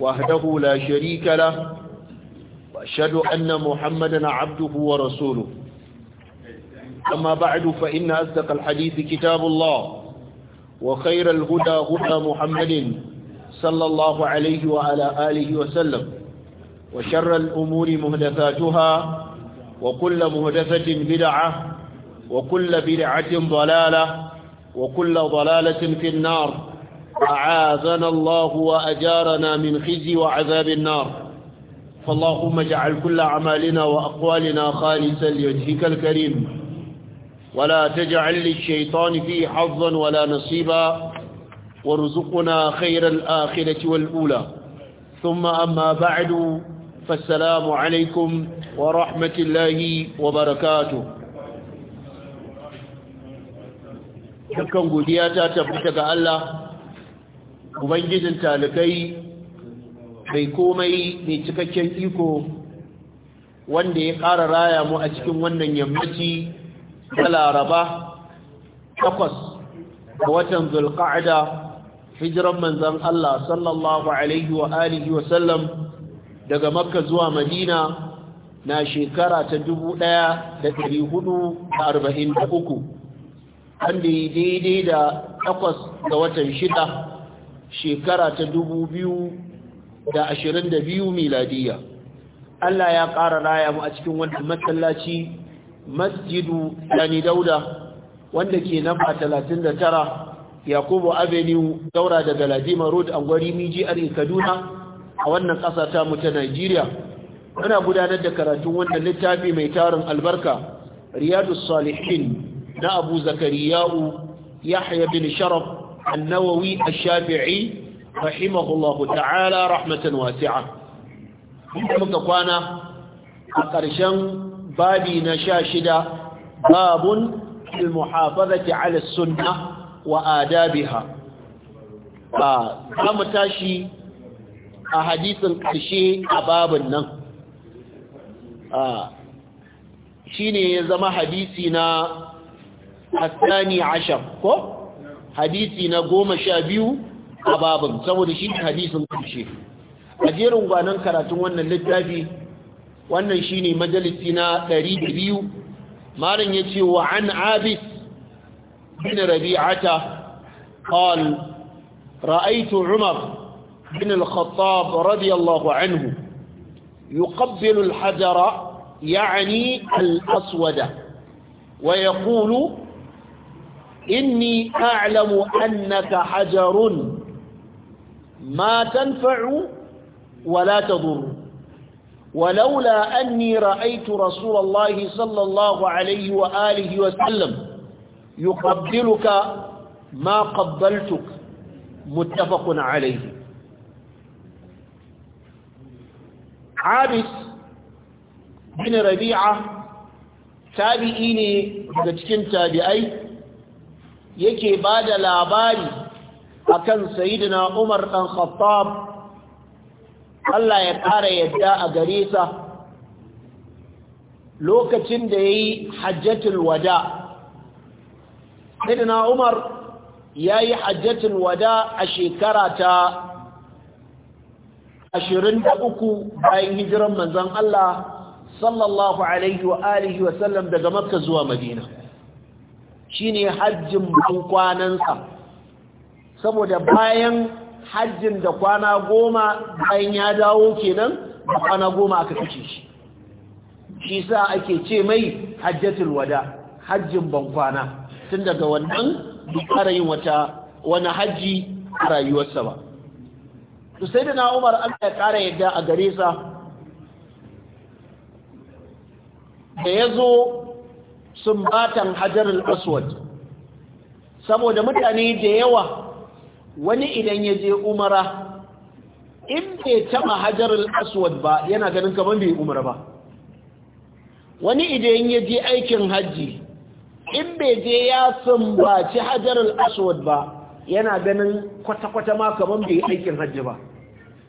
وحده لا شريك له وأشهد أن محمدا عبده ورسوله أما بعد فإن أصدق الحديث كتاب الله وخير الهدى هدى محمد صلى الله عليه وعلى آله وسلم وشر الأمور مهدثاتها وكل مهدثة بدعة وكل بدعة ضلالة وكل ضلالة في النار أعاذنا الله وأجارنا من خزي وعذاب النار فاللهم اجعل كل أعمالنا وأقوالنا خالصا لوجهك الكريم ولا تجعل للشيطان فيه حظا ولا نصيبا وارزقنا خير الآخرة والأولى ثم أما بعد فالسلام عليكم ورحمة الله وبركاته dukkan godiya ta tabbata Allah ubangijin talikai mai komai mai cikakken iko wanda ya ƙara raya mu a cikin wannan yammaci ta laraba takwas ga watan zulqa'ada hijiran manzan Allah sallallahu alaihi wa alihi wa daga makka zuwa madina na shekara ta dubu ɗaya da ɗari hudu da arba'in uku, wanda daidai da takwas ga watan shida shekara ta da da biyu miladiya Allah ya ƙara raya mu a cikin wannan masallaci masjidu Dani Dauda wanda ke talatin da tara Yakubu Avenue daura daga Ladima Road a gwari Miji Are Kaduna a wannan ƙasa ta mu ta Najeriya muna gudanar da karatun wannan littafi mai tarin albarka Riyadu Salihin na Abu Zakariya'u Yahya bin Sharaf النووي الشافعي رحمه الله تعالى رحمة واسعة مكوانا أقرشان بابي نشاشد باب المحافظة على السنة وآدابها فقام تاشي أحاديث القرشي أباب النم شيني زما حديثنا الثاني عشر كو hadisi na goma sha biyu a babin saboda shi hadisin karshe a jerin gwanon karatun wannan littafi wannan shine majalisi na ɗari da biyu malam ya ce wa an abis bin rabi'ata قال رأيت عمر بن الخطاب رضي الله hajara ya'ani alaswada wa ya kulu. إني أعلم أنك حجر ما تنفع ولا تضر ولولا أني رأيت رسول الله صلى الله عليه وآله وسلم يقبلك ما قبلتك متفق عليه عابس بن ربيعة تابعيني ne كنت cikin yake ba da labari akan sayidina umar ɗan khattab Allah ya ƙara yadda a gare sa lokacin da ya yi hajjatul wada sayidina umar ya yi hajjatul wada a shekara ta ashirin da uku bayan hijiran manzan Allah sallallahu alaihi wa alihi wa sallam daga makka zuwa madina shine hajjin kwanansa saboda bayan hajjin da kwana goma bayan ya dawo kenan da kwana goma aka kace shi shi sa ake ce mai hajjatul wada hajjin kwana. tun daga wannan dukkan yin wata wani hajji a rayuwarsa ba Su sai da na Umar Allah ya kara yadda a gare sa da ya zo. sumbatan hajar al’aswad saboda mutane da yawa wani idan ya je umara in bai taba hajar al’aswad ba yana ganin kamar bai umara ba wani idan ya je aikin hajji in bai je ya sumbaci hajar al’aswad ba yana ganin kwata-kwata ma kamar bai aikin hajji ba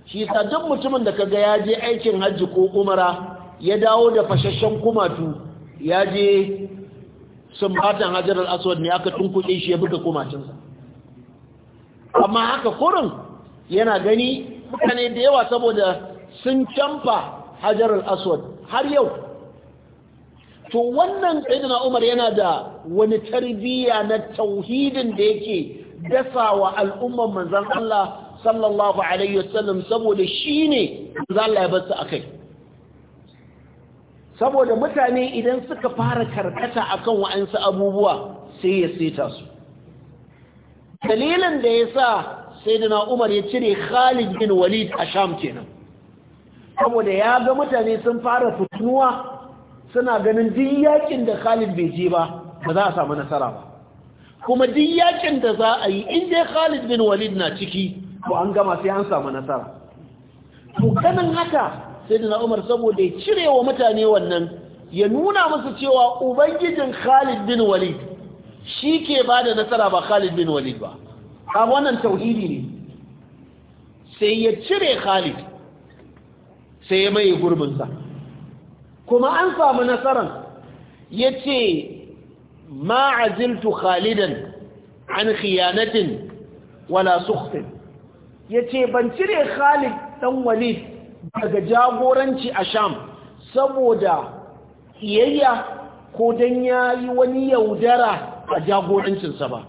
shi ta mutumin da kaga ya je aikin hajji ko umara ya dawo da fashashen kumatu ya je sun hajarar aswad ne aka tunkuɗe shi ya buga komacinsa amma haka kurin yana gani mutane da yawa saboda sun canfa hajarar aswad har yau to wannan sayyidina umar yana da wani tarbiyya na tauhidin da yake dasawa al'ummar manzan Allah sallallahu alaihi wasallam saboda shi ne zan ya a kai. saboda mutane idan suka fara karkata akan wa'ansu abubuwa sai ya seta su dalilin da ya sa sai da Umar ya cire Khalid bin Walid a Sham kenan saboda ya ga mutane sun fara fitunuwa suna ganin duk yakin da Khalid bai je ba ba za a samu nasara ba kuma duk yakin da za a yi in Khalid bin Walid na ciki ko an gama sai an samu nasara to haka sayyidina Umar saboda ya cire wa mutane wannan ya nuna musu cewa ubangijin Khalid bin Walid shi ke ba da nasara ba Khalid bin Walid ba a wannan tauhidi ne sai ya cire Khalid sai ya mai gurbinsa kuma an samu nasaran ya ce ma'aziltu Khalidan an khiyanatin wala sukhtin ya ce ban cire Khalid dan Walid daga jagoranci a sham saboda iyayya ko don ya yi wani yaudara a jagorancinsa ba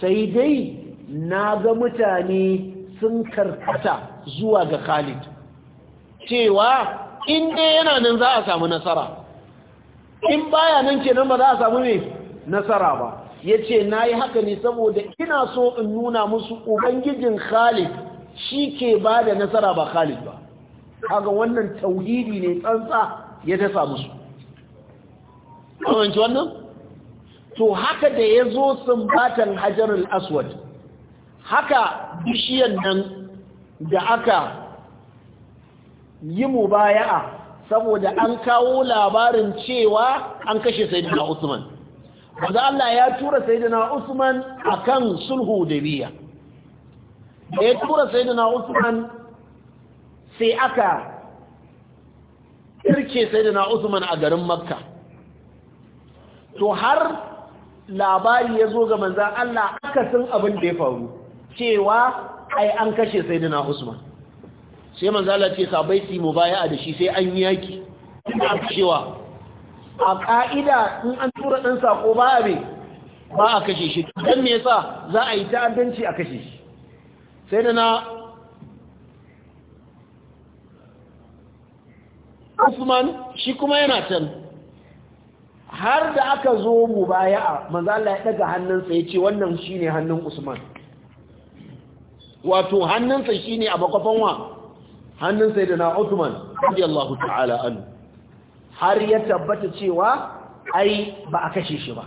sai dai na ga mutane sun karkata zuwa ga khalid cewa in yana nan za a samu nasara in baya nan nan ba za a samu ne nasara ba ya ce na yi haka ne saboda ina so in nuna musu ubangijin khalid shi ke ba da nasara ba Khalid ba kaga wannan tauhidi ne tsantsa ya dasa musu kawance wannan to haka da ya zo sumbatan hajarul aswad haka bishiyan nan da aka yi mubaya'a saboda an kawo labarin cewa an kashe sayyidina usman wanda Allah ya tura sayyidina usman akan sulhu da biya da ya tura sai usman sai aka irke sai da usman a garin makka to har labari ya zo ga manzan Allah aka akasin abin da ya faru cewa ai an kashe sai da na usman sai manzan Allah ce sabai mu baya da shi sai an yaki ina cewa a ka'ida in an tura ɗan sako ba a ba a kashe shi don me yasa za a yi ta'addanci a kashe shi sai da na usman shi kuma yana can har da aka zo mu baya a manzala ya daga hannunsa ya ce wannan shi hannun usman wato hannunsa shi ne a bakwafan wa hannun da na usman radiyallahu ta'ala an har ya tabbata cewa ai ba a kashe shi ba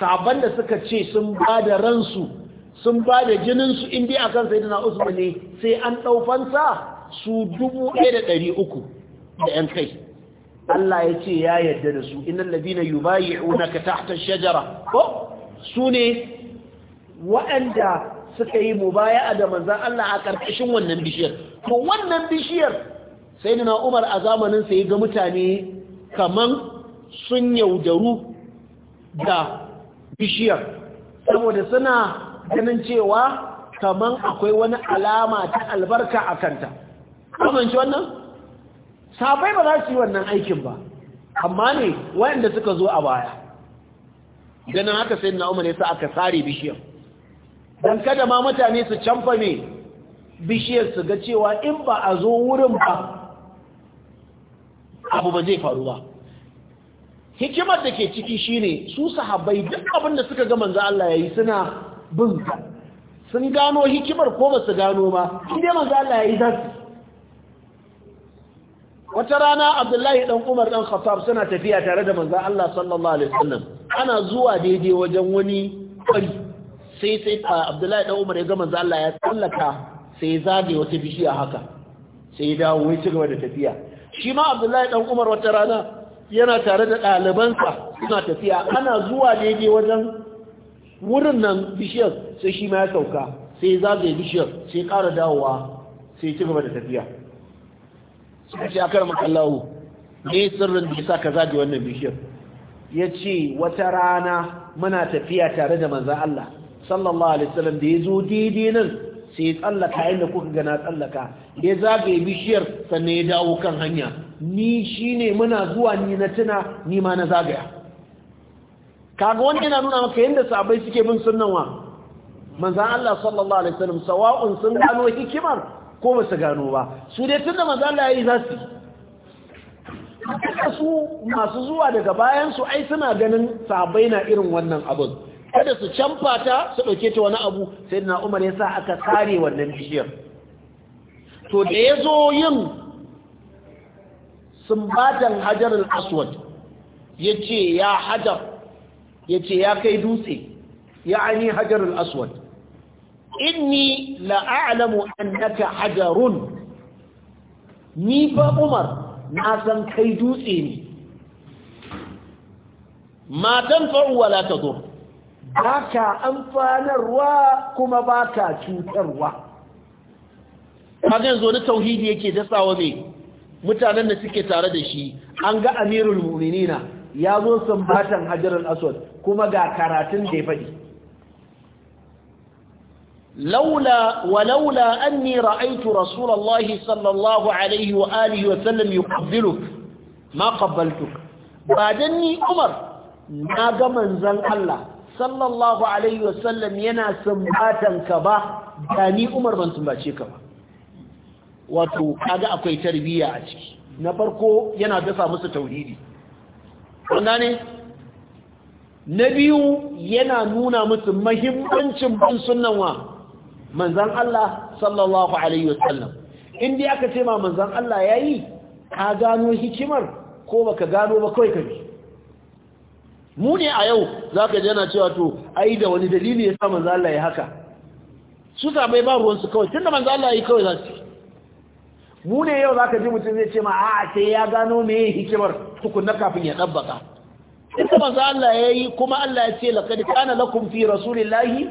sabon da suka ce sun ba da ransu sun ba da jininsu in a akan sayyidina usman ne sai an ɗaufansa su dubu ɗaya da uku da ‘yan kai Allah ya ce ya yarda da su inan labina yi bayi unaka shajara ko su ne waɗanda suka yi mu baya a da manzan Allah a ƙarƙashin wannan bishiyar to wannan bishiyar sai umar a zamanin sai ga mutane kaman sun yaudaru da bishiyar saboda suna ganin cewa kaman akwai wani alama ta albarka a kanta kamanci wannan sabai ba za su yi wannan aikin ba amma ne wayanda suka zo a baya ganin haka sai na umar yasa aka sare bishiyar don kada ma mutane su canfa ne bishiyar su ga cewa in ba a zo wurin ba abu ba zai faru ba hikimar da ke ciki shi ne su sahabai duk abin da suka ga manzo Allah ya yi suna bin ka sun gano hikimar ko ba su gano ba shi dai manzo Allah ya yi zasu wata rana Abdullahi dan Umar dan Khattab suna tafiya tare da manzo Allah sallallahu alaihi wasallam ana zuwa daidai wajen wani kwari sai sai Abdullahi dan Umar ya ga manzo Allah ya tsallaka sai zage wata bishiya haka sai ya dawo ya cigaba da tafiya shi ma Abdullahi dan Umar wata rana yana tare da ɗalibansa suna tafiya ana zuwa daidai wajen wurin nan bishiyar sai shi ma ya sauka sai zagaye bishiyar sai ƙara dawowa sai ci gaba da tafiya sai ce akar makallahu ne sirrin da sa ka zagaye wannan bishiyar ya ce wata rana muna tafiya tare da manzan Allah sallallahu alaihi wasallam da ya zo daidai nan sai ya tsallaka inda kuka gana tsallaka ya zagaye bishiyar sannan ya dawo kan hanya ni shine muna zuwa ni na tuna ni ma na zagaya kaga wani yana nuna maka yadda sabai suke bin sunnan wa manzan Allah sallallahu alaihi wasallam sawa'un sun gano hikimar ko ba su gano ba su dai tunda manzan Allah yayi za su su masu zuwa daga bayan su ai suna ganin sabai na irin wannan abin kada su canfa ta su dauke ta wani abu sai na Umar ya sa aka kare wannan bishiyar to da yazo yin sumbatan hajar aswad yace ya hajar yace ya kai dutse ya'ani hajarul aswad inni la'alamu annaka hajarun ni fa umar na san kai dutse ne ma tanfa'u zo? tadur baka amfanarwa kuma baka cutarwa kaga yanzu wani tauhidi yake dasawa mai mutanen da suke tare da shi an ga amirul mu'minina ya zo sumbatan hajar al-aswad kuma ga karatun da ya faɗi laula wa laula anni ra'aytu rasulullahi sallallahu alaihi wa alihi wa sallam yuqabbiluk ma qabbaltuk ba don ni umar na ga manzan Allah sallallahu alaihi wa sallam yana sumbatan ka ba da ni umar ban sumbace ka ba wato kaga akwai tarbiyya a ciki na farko yana dafa musu tauhidi kun gane na biyu yana nuna musu muhimmancin bin sunnan wa manzan Allah sallallahu alaihi wasallam in dai aka ce ma manzan Allah yayi ka gano hikimar ko baka gano ba kai kai mu ne a yau zaka ji yana cewa to ai da wani dalili yasa manzon Allah ya haka su bai ba ruwan su kawai tunda manzon Allah yayi kawai za su mu ne yau zaka ji mutum zai ce ma a'a sai ya gano me hikimar tukunna kafin ya dabbaka ita manzo Allah yayi kuma Allah ya ce laqad kana lakum fi rasulillahi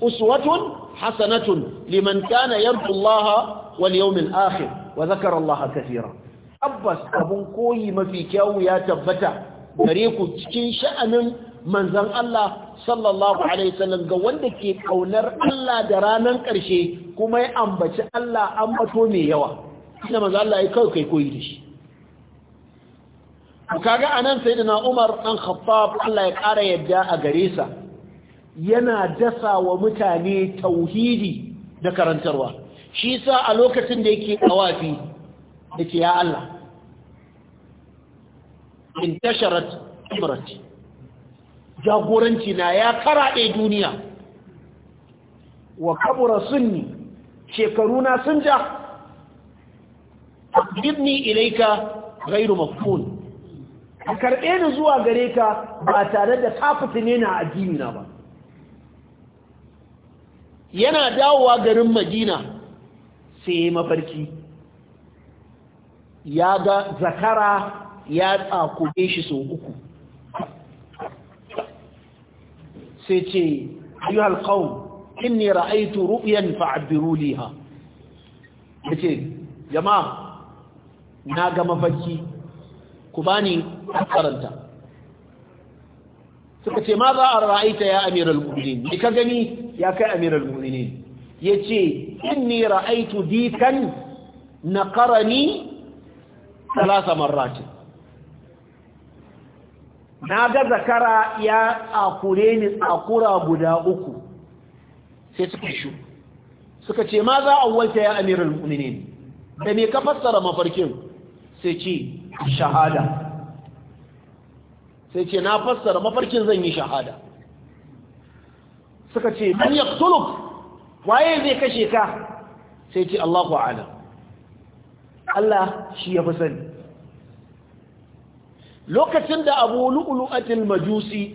uswatun hasanatun liman kana yarju Allah wal yawmil akhir wa dhakara Allah kaseera Abbas abun koyi mafi kyau ya tabbata gare ku cikin sha'anin manzon Allah sallallahu alaihi wasallam ga wanda ke kaunar Allah da ranan karshe kuma ya ambaci Allah ambato mai yawa ina manzo Allah ai kai kai koyi da shi ko kaga anan sayyidina Umar dan Khattab Allah ya ƙara yadda a gare sa yana dasa wa mutane tauhidi da karantarwa shi sa a lokacin da yake tawafi yake ya Allah intasharat ibrati jagoranci na ya karaɗe duniya wa kabura sunni shekaruna sun ja aqbidni ilayka ghayru mafhum ka karbe ni zuwa gare ka ba tare da ka fitine na addini na ba yana dawowa garin Madina sai mafarki ya ga zakara ya tsakube shi sau uku sai ce ayyuhal qawm inni ra'aytu ru'yan fa'abiru liha ce, jama'a na ga mafarki ku bani karanta suka ce ma za a ra'aita ya amiral mu'minin ni ka gani ya kai amiral mu'minin yace inni ra'aitu dikan naqarani marrat na ga zakara ya akure ni akura guda uku sai suka shu suka ce ma za a walta ya amirul mu'minin da me ka fassara mafarkin sai ce shahada sai ce na fassara mafarkin zan yi shahada suka ce man waye zai kashe ka sai ce Allahu a'lam Allah shi ya fi sani lokacin da Abu Lu'lu'atil Majusi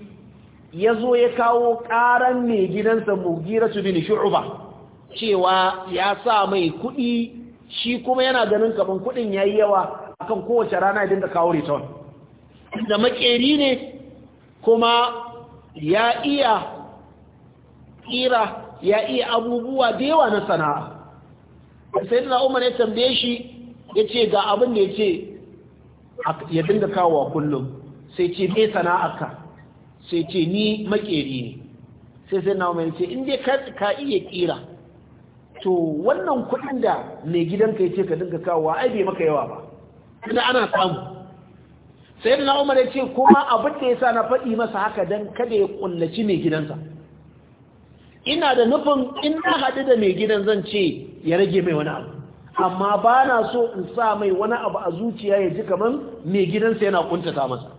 ya zo ya kawo ƙaran ne gidansa su bin shu'uba cewa ya sa mai kuɗi shi kuma yana ganin kaman kuɗin yi yawa akan kowace rana ya dinga kawo return da makeri ne kuma ya iya kira ya iya abubuwa da yawa na sana'a sai da umar ya tambaye shi ya ce ga abin da ya ce ya dinga kawo kullum sai ce me ka? sai ce ni makeri ne sai sai na umar ya ce inda ka iya kira to wannan kudin da mai gidanka ya ce ka dinga kawo ai bai maka yawa ba tunda ana samu sai da umar ya ce kuma abin da ya sa na faɗi masa haka don kada ya ƙullaci mai gidansa ina da nufin in na haɗu da mai gidan zan ce ya rage mai wani abu amma ba na so in sa mai wani abu a zuciya ya ji kamar mai gidansa yana kuntata masa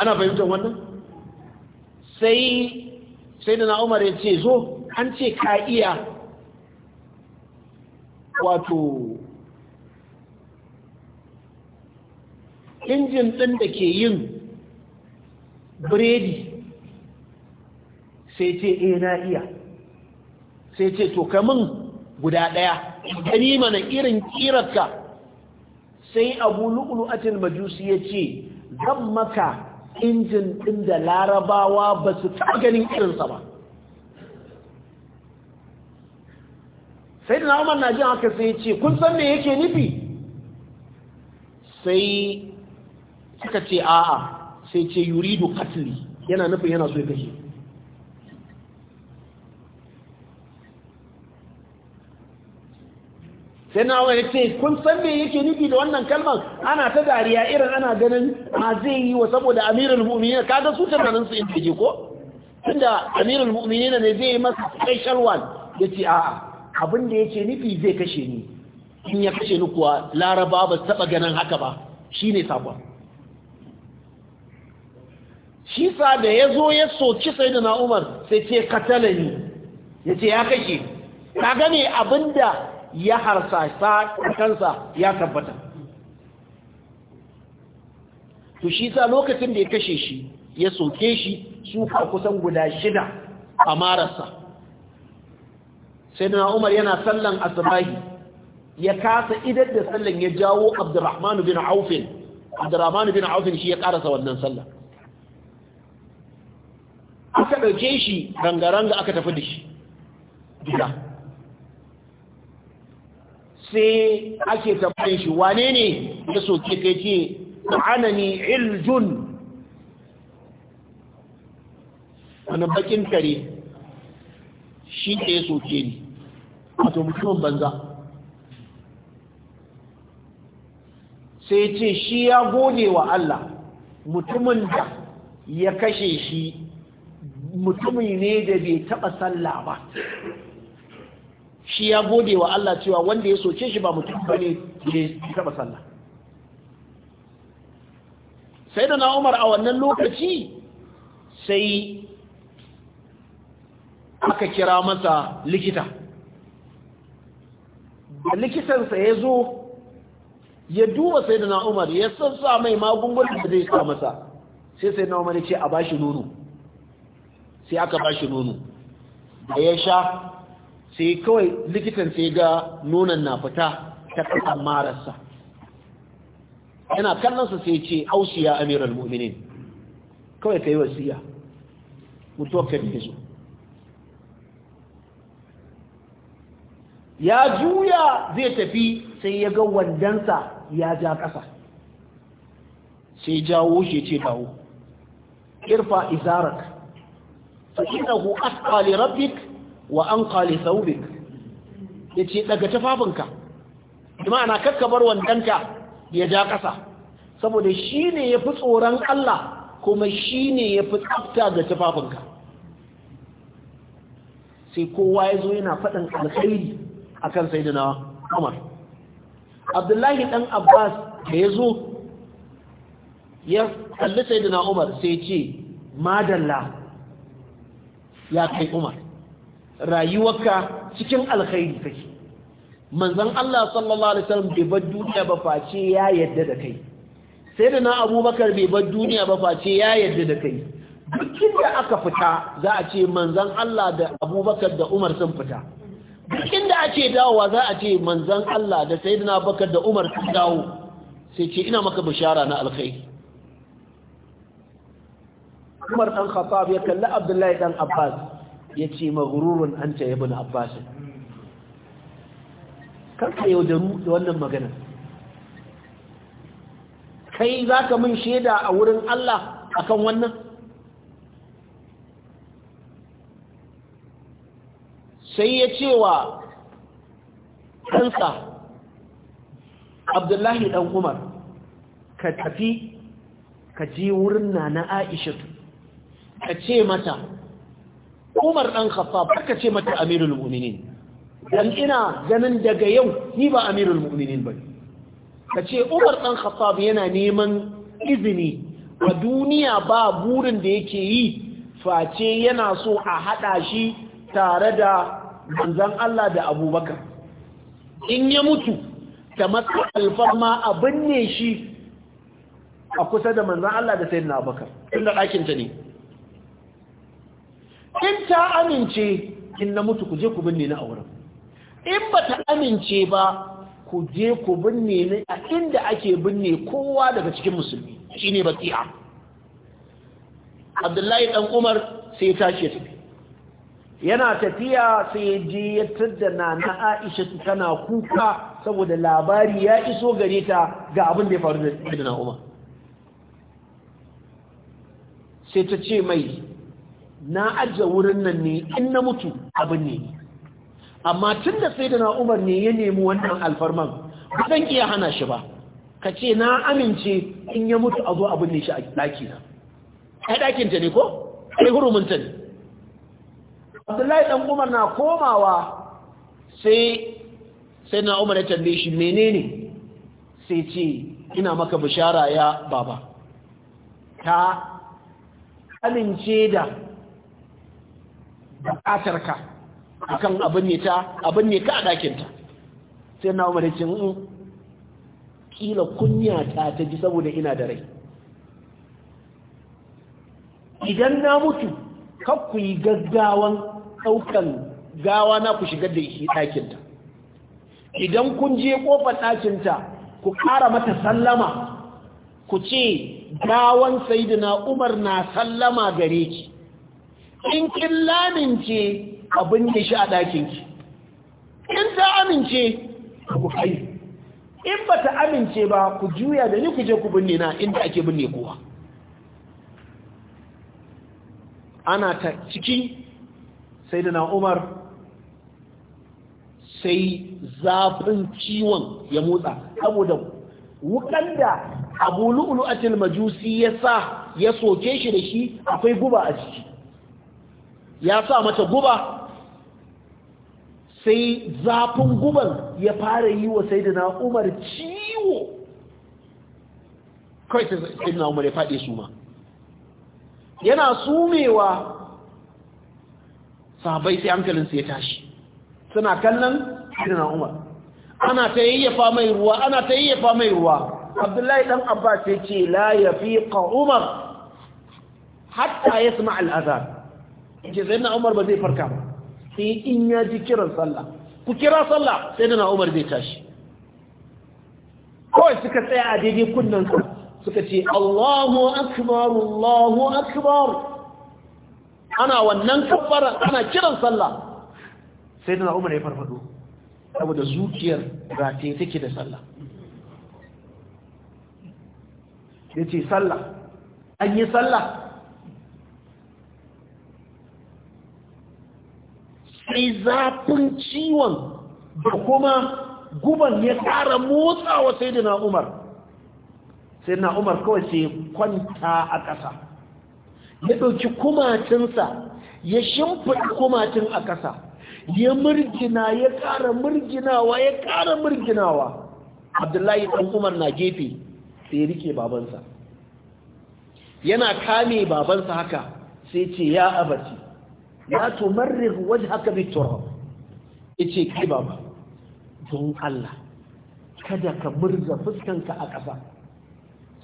ana fahimtar wannan sai sai da na'umar ya ce zo an ce ka iya wato injin ɗin da ke yin biredi sai ce eh na iya sai ce to kamun guda ɗaya gani mana irin ƙirarka sai abu lu'lu'atul majusi ya ce zan maka injin ɗin da larabawa ba su taɓa ganin irinsa ba sai da na umar na jin haka sai ce kun san me yake nufi sai suka ce a'a sai ce yuridu katli yana nufin yana so ya kashe sai na wani ce kun san me yake nufi da wannan kalmar ana ta dariya irin ana ganin ma zai yi wa saboda amirul mu'minin ga su tunanin su inda je ko tunda amirul mu'minin ne zai yi masa special one yace a'a abin da yake nufi zai kashe ni in ya kashe ni kuwa laraba ba taɓa ganin haka ba shine sakon Shisa da ya zo ya soci sai da na'umar sai ce katalani ya ce ya kashe ka gane abinda ya harsasa kansa ya tabbata to shi sa lokacin da ya kashe shi ya soke shi suka kusan guda shida a marasa sai da na'umar yana sallan asibahi ya kasa idan da sallan ya jawo abdurrahmanu bin aufin abdurrahmanu bin aufin shi ya karasa wannan sallan aka ɗauke shi rangaranga aka tafi da shi gida sai ake tambayin shi wane ne ya soke kai ce ma'anani iljun wani bakin kare shi ne ya soke ne wato mutumin banza sai ce shi ya gode wa Allah mutumin da ya kashe shi mutumi ne da bai taba sallah ba shi ya gode wa Allah cewa wanda ya soke shi ba mutum bane ne da taɓa sallah sai da na umar a wannan lokaci sai aka kira masa likita da likitansa ya zo ya duba sai da na umar ya sassa mai magungunan da zai sa masa sai sai na umar ya ce a bashi nono sai aka ba shi nono da ya sha sai kawai likitan sai ga nonon na fita ta kasar mararsa yana kallonsa sai ce ausiya amiral mu'minin kawai ka yi wasiya mutuwar ka zo ya juya zai tafi sai ya ga wandansa ya ja ƙasa sai jawo shi ce dawo irfa izarak فإنه أسقى لربك وأنقى لثوبك yace daga tafafinka ka kakkabar wandanka ya ja ƙasa saboda shine yafi tsoron Allah kuma shine yafi tsafta ga tafafinka sai kowa ya zo yana faɗin alkhairi akan sayyidina Umar Abdullahi dan Abbas da ya zo ya kalli sayyidina Umar sai ya ce madalla ya kai umar rayuwarka cikin alkhairi kake manzon Allah sallallahu alaihi wasallam bai bar duniya ba face ya yadda da kai sai da na abubakar bai bar duniya ba face ya yadda da kai duk da aka fita za a ce manzon Allah da abubakar da umar sun fita duk da ake dawowa za a ce manzon Allah da sayyidina abubakar da umar sun dawo sai ce ina maka bishara na alkhairi Umar dan Khattab ya kalli Abdullahi dan Abbas yace maghrurun anta ibn Abbas kar ka yaudaru da wannan magana kai zaka min sheda a wurin Allah akan wannan sai ya cewa kansa Abdullahi dan Umar ka tafi ka je wurin nana Aisha ka ce mata umar ɗan khattab ka ce mata amirul mu'minin dan ina ganin daga yau ni ba amirul mu'minin ba ka ce umar ɗan khattab yana neman izini a duniya ba burin da yake yi face yana so a haɗa shi tare da manzan Allah da abubakar in ya mutu ta matsa alfarma a binne shi a kusa da manzan Allah da sayyidina abubakar inda ɗakinta ne in ta amince in na mutu ku je ku binne ni a wurin in ba ta amince ba ku je ku binne ni a inda ake binne kowa daga cikin musulmi shine baqi'a Abdullahi dan Umar sai ya tashi tafi yana tafiya sai ya je ya na na Aisha tana kuka saboda labari ya iso gare ta ga abin da ya faru da na Umar sai ta ce mai na ajiye wurin nan ne in na mutu abin ne amma tun da sai da na umar ne ya nemi wannan alfarman ba zan iya hana shi ba ka ce na amince in ya mutu a zo abin ne shi a ɗaki na ai ɗakin ta ne ko ai hurumin ne abdullahi ɗan umar na komawa sai sai na umar ya tambaye shi menene sai ce ina maka bishara ya baba ta amince da bukatar ka kan abin ne ta abin ne ka a ɗakinta? ta sai na umar cin un ƙila kunya ta ta ji saboda ina da rai idan na mutu kar ku yi gaggawan ɗaukan gawa na ku shigar da shi ɗakinta. idan kun je ƙofar ɗakinta ta ku ƙara mata sallama ku ce gawan saidina umar na sallama gare ki in kin lamince abin da shi a ɗakinki in ta amince ku kai in ba ta amince ba ku juya da ni ku je ku binne na inda ake binne kowa ana ta ciki sai da na umar sai zafin ciwon ya motsa saboda wukan da abu lu'ulu'atul majusi ya sa ya soke shi da shi akwai guba a ciki ya sa mata guba sai zafin guban ya fara yi wa sai da umar ciwo kawai sai da umar ya faɗe su ma yana sumewa sahabai sai hankalinsu ya tashi suna kallon sai umar ana ta yayyafa mai ruwa ana ta yayyafa mai ruwa abdullahi dan abbas ya ce la yafiqa umar hatta yasma al-azan ce sai na umar ba zai farka ba sai in ya ji kiran sallah ku kira sallah sai na umar zai tashi kawai suka tsaya a daidai kunnen su suka ce Allahu akbar Allahu akbar ana wannan kabbara ana kiran sallah sai na umar ya farfado saboda zuciyar rataye take da sallah ya ce sallah an yi sallah sai zafin ciwon da kuma guban ya ƙara motsawa sai da umar sai kawai sai kwanta a ƙasa ya ɗauki kumatinsa ya shimfiɗa kumatin a ƙasa ya murgina ya ƙara murginawa ya ƙara murginawa abdullahi ɗan umar na gefe sai rike babansa yana kame babansa haka sai ce ya abarci. la tumarrig wajhaka biturab yace kai baba don Allah kada ka murza fuskanka a ƙasa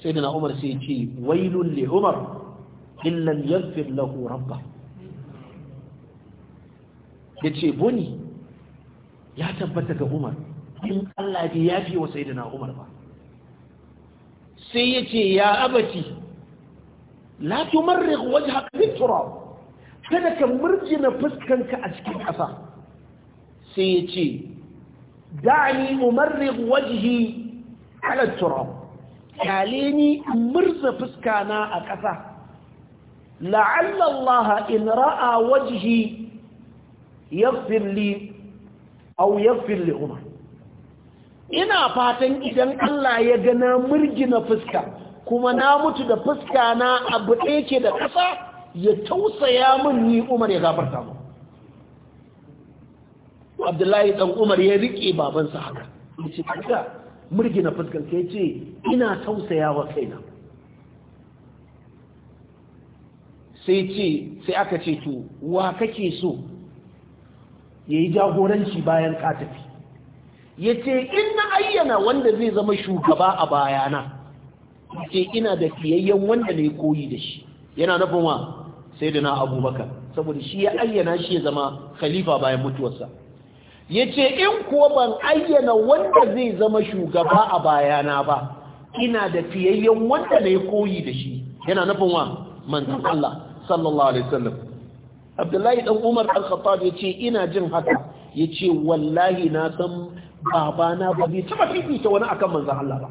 sai da Umar sai ce wailul li Umar illa yaghfir lahu rabbah yace buni ya tabbata ga Umar in Allah bai yafi wa sayyidina Umar ba sai yace ya abati la tumarrig wajhaka biturab kada ka murjina fuskanka a cikin ƙasa sai ya ce da'ani umarrig wajhi ala turab kyale ni murza fuskana a ƙasa La'allallaha in ra'a wajihi yaghfir li aw umar ina fatan idan Allah ya ga na murgina fuska kuma na mutu da fuska na abu ɗaya ke da ƙasa ya tausaya min ni umar ya gafarta mu abdullahi dan umar ya rike babansa haka yace na murgina fuskanka yace ina tausaya wa kaina sai ce sai aka ce to wa kake so yayi jagoranci bayan ka tafi yace in na ayyana wanda zai zama shugaba a bayana yace ina da kiyayyen wanda ne koyi da shi yana nufin wa sai da na abubakar saboda shi ya ayyana shi ya zama khalifa bayan mutuwarsa ya ce in kuwa ban ayyana wanda zai zama shugaba a bayana ba ina da fiyayyen wanda na yi koyi da shi yana nufin wa manzan Allah sallallahu alaihi sallam abdullahi ɗan umar al-khattab ya ce ina jin haka ya ce wallahi na san babana ba zai taba fifita wani akan manzan Allah ba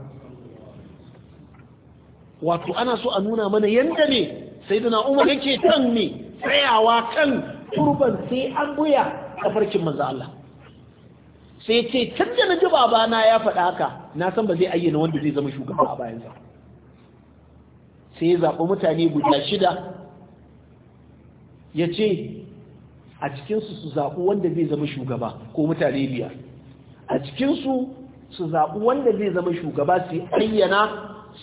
wato ana so a nuna mana yanda ne sai duna umar yake can ne tsayawa kan turban sai an buya kafarkin maza Allah sai ce can da na ji babana ya faɗa haka na san ba zai ayyana wanda zai zama shugaba a bayansa sai ya zaɓi mutane guda shida ya ce a cikinsu su zaɓi wanda zai zama shugaba ko mutane biyar a cikinsu su zaɓi wanda zai zama shugaba su ayyana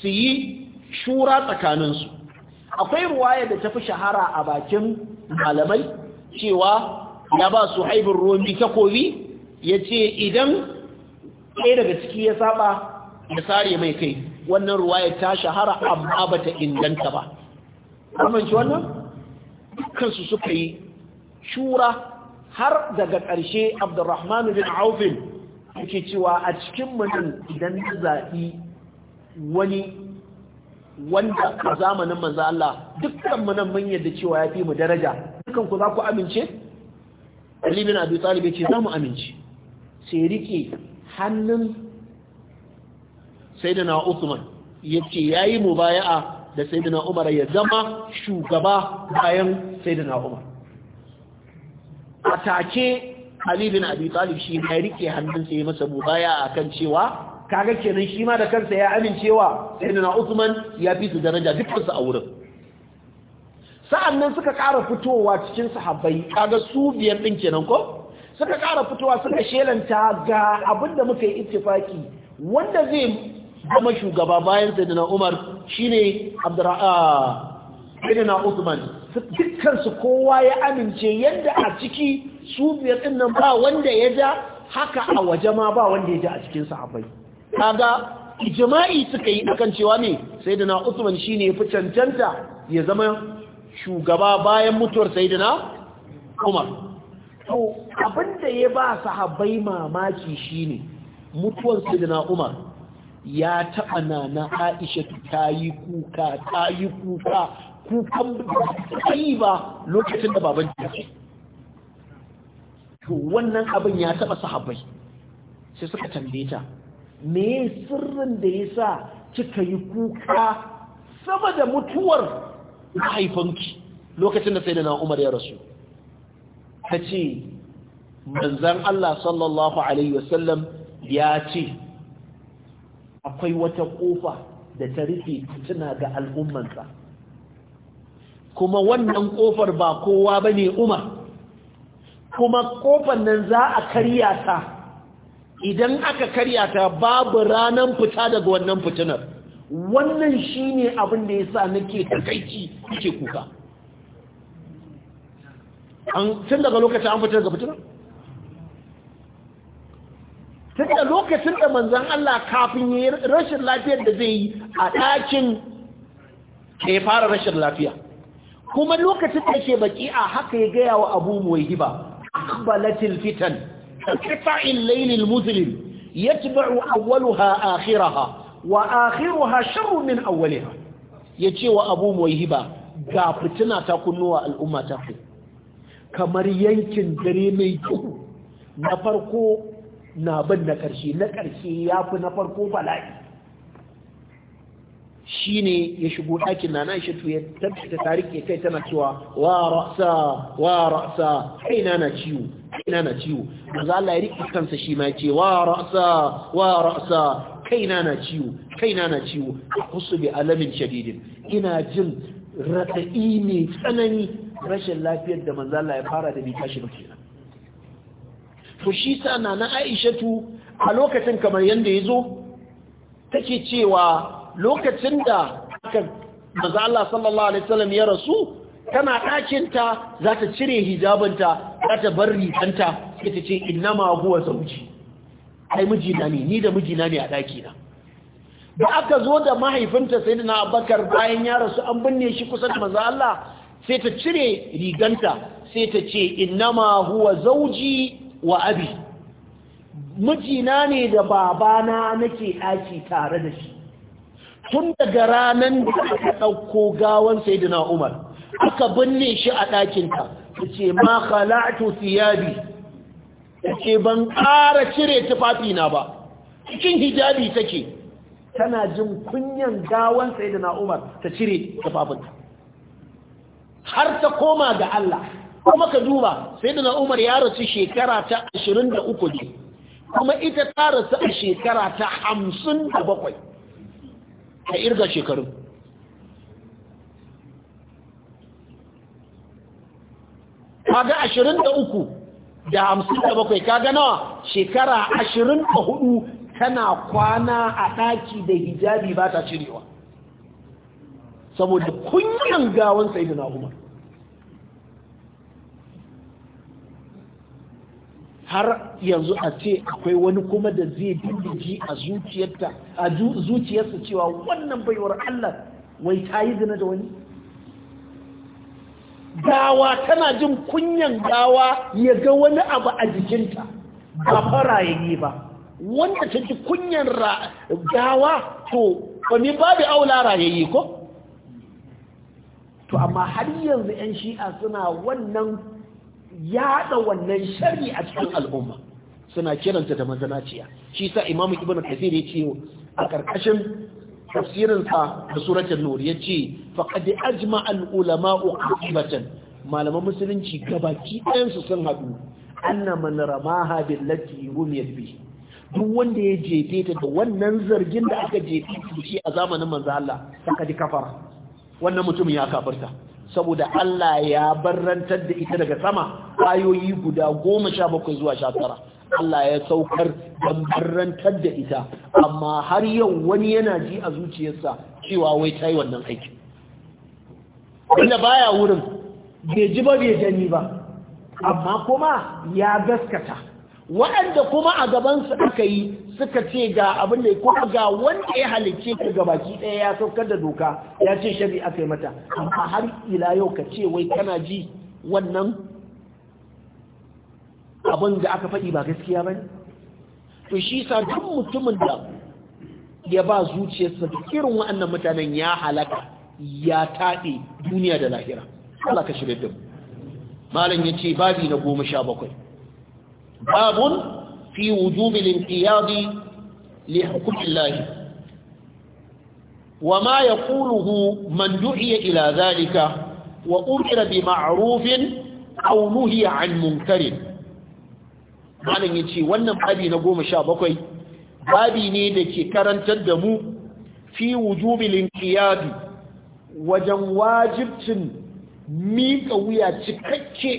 su yi shura tsakaninsu akwai ruwaya da tafi shahara a bakin malamai cewa ya ba su haibin romi takobi ya ce idan ɗaya daga ciki ya saba ya sare mai kai wannan ruwaya ta shahara amma ba ta inganta ba amince wannan kansu suka yi shura har daga ƙarshe abdurrahman bin aufin yake cewa a cikin mutum idan zaɓi wani wanda a zamanin manzo Allah dukkan mu nan mun yadda cewa ya fi mu daraja dukkan ku za ku amince Ali bin Abi Talib ce za mu amince sai rike hannun Sayyidina Uthman yace yayi mubaya'a da Sayyidina Umar ya zama shugaba bayan Sayyidina Umar a take Ali bin Abi Talib shi ya rike hannun sai masa mubaya'a kan cewa kaga kenan shi ma da kansa ya amincewa sayyidina Usman ya fi su daraja dukkan su a wurin sa'annan suka ƙara fitowa cikin sahabbai kaga su biyar din kenan ko suka ƙara fitowa suka shelanta ga abinda muka yi ittifaki wanda zai zama shugaba bayan sayyidina Umar shine Abdurrahman ah, sayyidina Usman dukkan su kowa ya amince yadda a ciki su biyar din nan ba wanda ya ja haka a waje ma ba wanda ya ja a cikin sahabbai kaga ijma'i suka yi akan cewa ne sayyidina Uthman shine ya fi cancanta ya zama shugaba bayan mutuwar sayyidina Umar to abinda ya ba sahabbai mamaki shine mutuwar sayyidina Umar ya taba na na Aisha ta yi kuka ta yi kuka kukan ba lokacin da baban ta to wannan abin ya taba sahabbai sai suka tambaye ta me sirrin da ya sa kika yi kuka sama da mutuwar mahaifanki lokacin da sai da na umar ya rasu ta ce manzan Allah sallallahu Alaihi wasallam ya ce akwai wata ƙofa da ta rufe tuna ga al'ummansa kuma wannan ƙofar ba kowa ba ne umar kuma ƙofar nan za a karya ta idan aka karya ta babu ranar fita daga wannan fitinar wannan shine abin da ya yasa nake takaici ke kuka tun daga lokacin an fita daga fitinar tun da lokacin da manzan Allah kafin yi rashin lafiyar da zai yi a ɗakin ke fara rashin lafiya kuma lokacin da ke baki a haka ya gaya wa abu mai hiba akbalatil fitan كقطع الليل المظلم يتبع أولها آخرها وآخرها شر من أولها يجي وأبو مويهبا غافتنا تكنوا الأمة تكن kamar yankin dare mai duhu na farko na ban na ƙarshe na ƙarshe ya fi na farko bala'i shine ya shigo ɗakin na na ya tabbata tarik ya kai tana cewa wa ra'sa wa ra'sa kaina na ciwo kaina na ciwo manzo Allah ya rike kansa shi ma ce wa ra'sa wa ra'sa kaina na ciwo kaina na ciwo kusu bi alamin shadidin ina jin raɗaɗi mai tsanani rashin lafiyar da manzo Allah ya fara da bi tashi ba kenan to shi sa na na Aishatu a lokacin kamar yanda yazo take cewa lokacin da maza Allah sallallahu alaihi wasallam ya rasu tana ɗakinta za ta cire hijabinta za ta bar riganta ta ce ina ma huwa zauji ai mijina ne ni da mijina ne a ɗakina da aka zo da mahaifinta sai da na abakar bayan ya rasu an binne shi kusa da maza Allah sai ta cire riganta sai ta ce ina ma huwa zauji wa abi mijina ne da babana nake ɗaki tare da shi tun daga ranar da aka ɗauko gawan saidina Na'umar, aka binne shi a ɗakinta ta ce ma khala'atu siyabi ta ce ban ƙara cire tufafina ba cikin hijabi take tana jin kunyan gawan saidina umar ta cire tufafinta har ta koma ga Allah kuma ka duba saidina umar ya rasu shekara ta 23 ne kuma ita ta rasu a shekara ta 57 ka irga shekarun kaga ashirin da uku da hamsin da bakwai kaga nawa shekara ashirin da hudu tana kwana a ɗaki da hijabi ba ta cirewa saboda kunyan gawan sai da na umar har yanzu a ce akwai wani kuma da zai bindiji a zuciyarta a zuciyarsa cewa wannan baiwar Allah wai ta yi zina da wani gawa tana jin kunyan gawa ya ga wani abu a jikinta ba fara ya yi ba wanda ta ji kunyan gawa to wani babu aula yi ko to amma har yanzu 'yan shi'a suna wannan yada wannan shar'i a cikin al'umma suna kiranta da mazanaciya shi sa imamu ibn kathir yace a karkashin tafsirin sa da suratul nur yace faqad ajma'a al-ulama'u qatibatan malaman musulunci gabaki ɗayan su sun haɗu anna man ramaha billati bi duk wanda ya jefe ta da wannan zargin da aka jefe shi a zamanin manzo Allah saka ji kafara wannan mutum ya kafarta saboda Allah ya barrantar da ita daga sama ayoyi guda goma sha bakwai zuwa sha tara Allah ya saukar don barrantar da ita amma har yau wani yana ji a zuciyarsa cewa wai ta yi wannan aiki wanda baya wurin bai ji ba bai gani ba amma kuma ya gaskata waɗanda kuma a gabansu aka yi suka ce ga abin da ko ga wanda ya halicce ka ga baki ɗaya ya saukar da doka ya ce shari aka yi mata amma har ila yau ka ce wai kana ji wannan abin da aka faɗi ba gaskiya ba to shi sa duk mutumin da ya ba zuciyarsa da irin wa'annan mutanen ya halaka ya taɗe duniya da lahira Allah ka shirya da mu malam ce babi na goma sha bakwai babun في وجوب الانقياد لحكم الله وما يقوله من دعي إلى ذلك وأمر بمعروف أو نهي عن منكر malam yace wannan babi na 17 babi ne da ke karantar da mu fi wujubilin inqiyadi wajen wajibcin miƙa wuya cikakke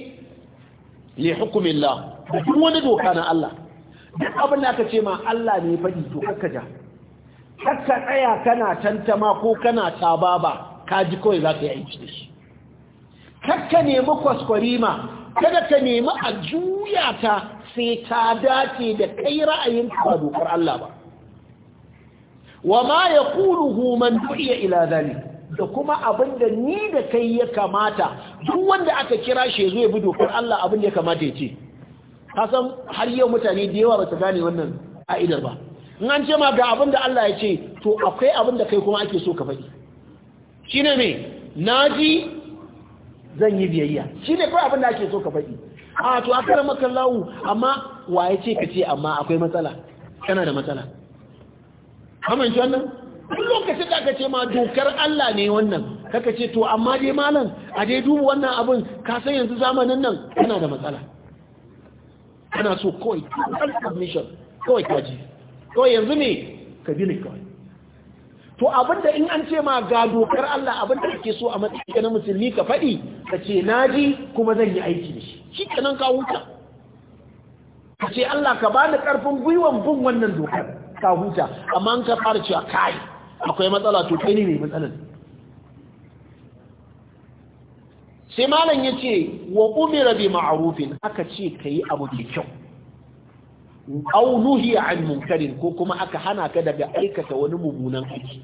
li hukumillah duk wani doka na Allah duk abin da aka ce ma Allah ne faɗi to kaka ja Kaka tsaya kana tantama ko kana taba ba ka ji kawai za ka yi aiki da shi nemi kwaskwarima kada ka nemi a juya ta sai ta dace da kai ra'ayin ba dokar Allah ba wa ma hu man du'iya ila zalik da kuma abin da ni da kai ya kamata duk wanda aka kira shi ya zo ya bi dokar Allah abin da ya kamata ya ce kasan har yau mutane da yawa ba su gane wannan a'idar ba in an ce ma ga abin da Allah ya ce to akwai abin da kai kuma ake so ka faɗi Shi ne me ji zan yi biyayya Shi ne kawai abin da ake so ka faɗi a to kan maka lawu amma wa ya ce ka ce amma akwai matsala kana da matsala amince wannan duk lokacin da aka ce ma dokar Allah ne wannan kaka ce to amma dai malam a dai dubu wannan abin ka san yanzu zamanin nan kana da matsala ana so kawai submission kawai kaji kawai yanzu ne ka bi kawai to abinda in an ce ma ga dokar Allah abinda kake so a matsayi na musulmi ka faɗi ka ce ji kuma zan yi aiki da shi shi kenan ka huta ka ce Allah ka bani karfin gwiwan bin wannan dokar ka huta amma an ka fara cewa kai akwai matsala to kai ne mai matsalar sai malam ya ce wa umira bi ma'arufin aka ce ka yi abu da kyau au nuhi an munkarin ko kuma aka hana ka daga aikata wani mummunan aiki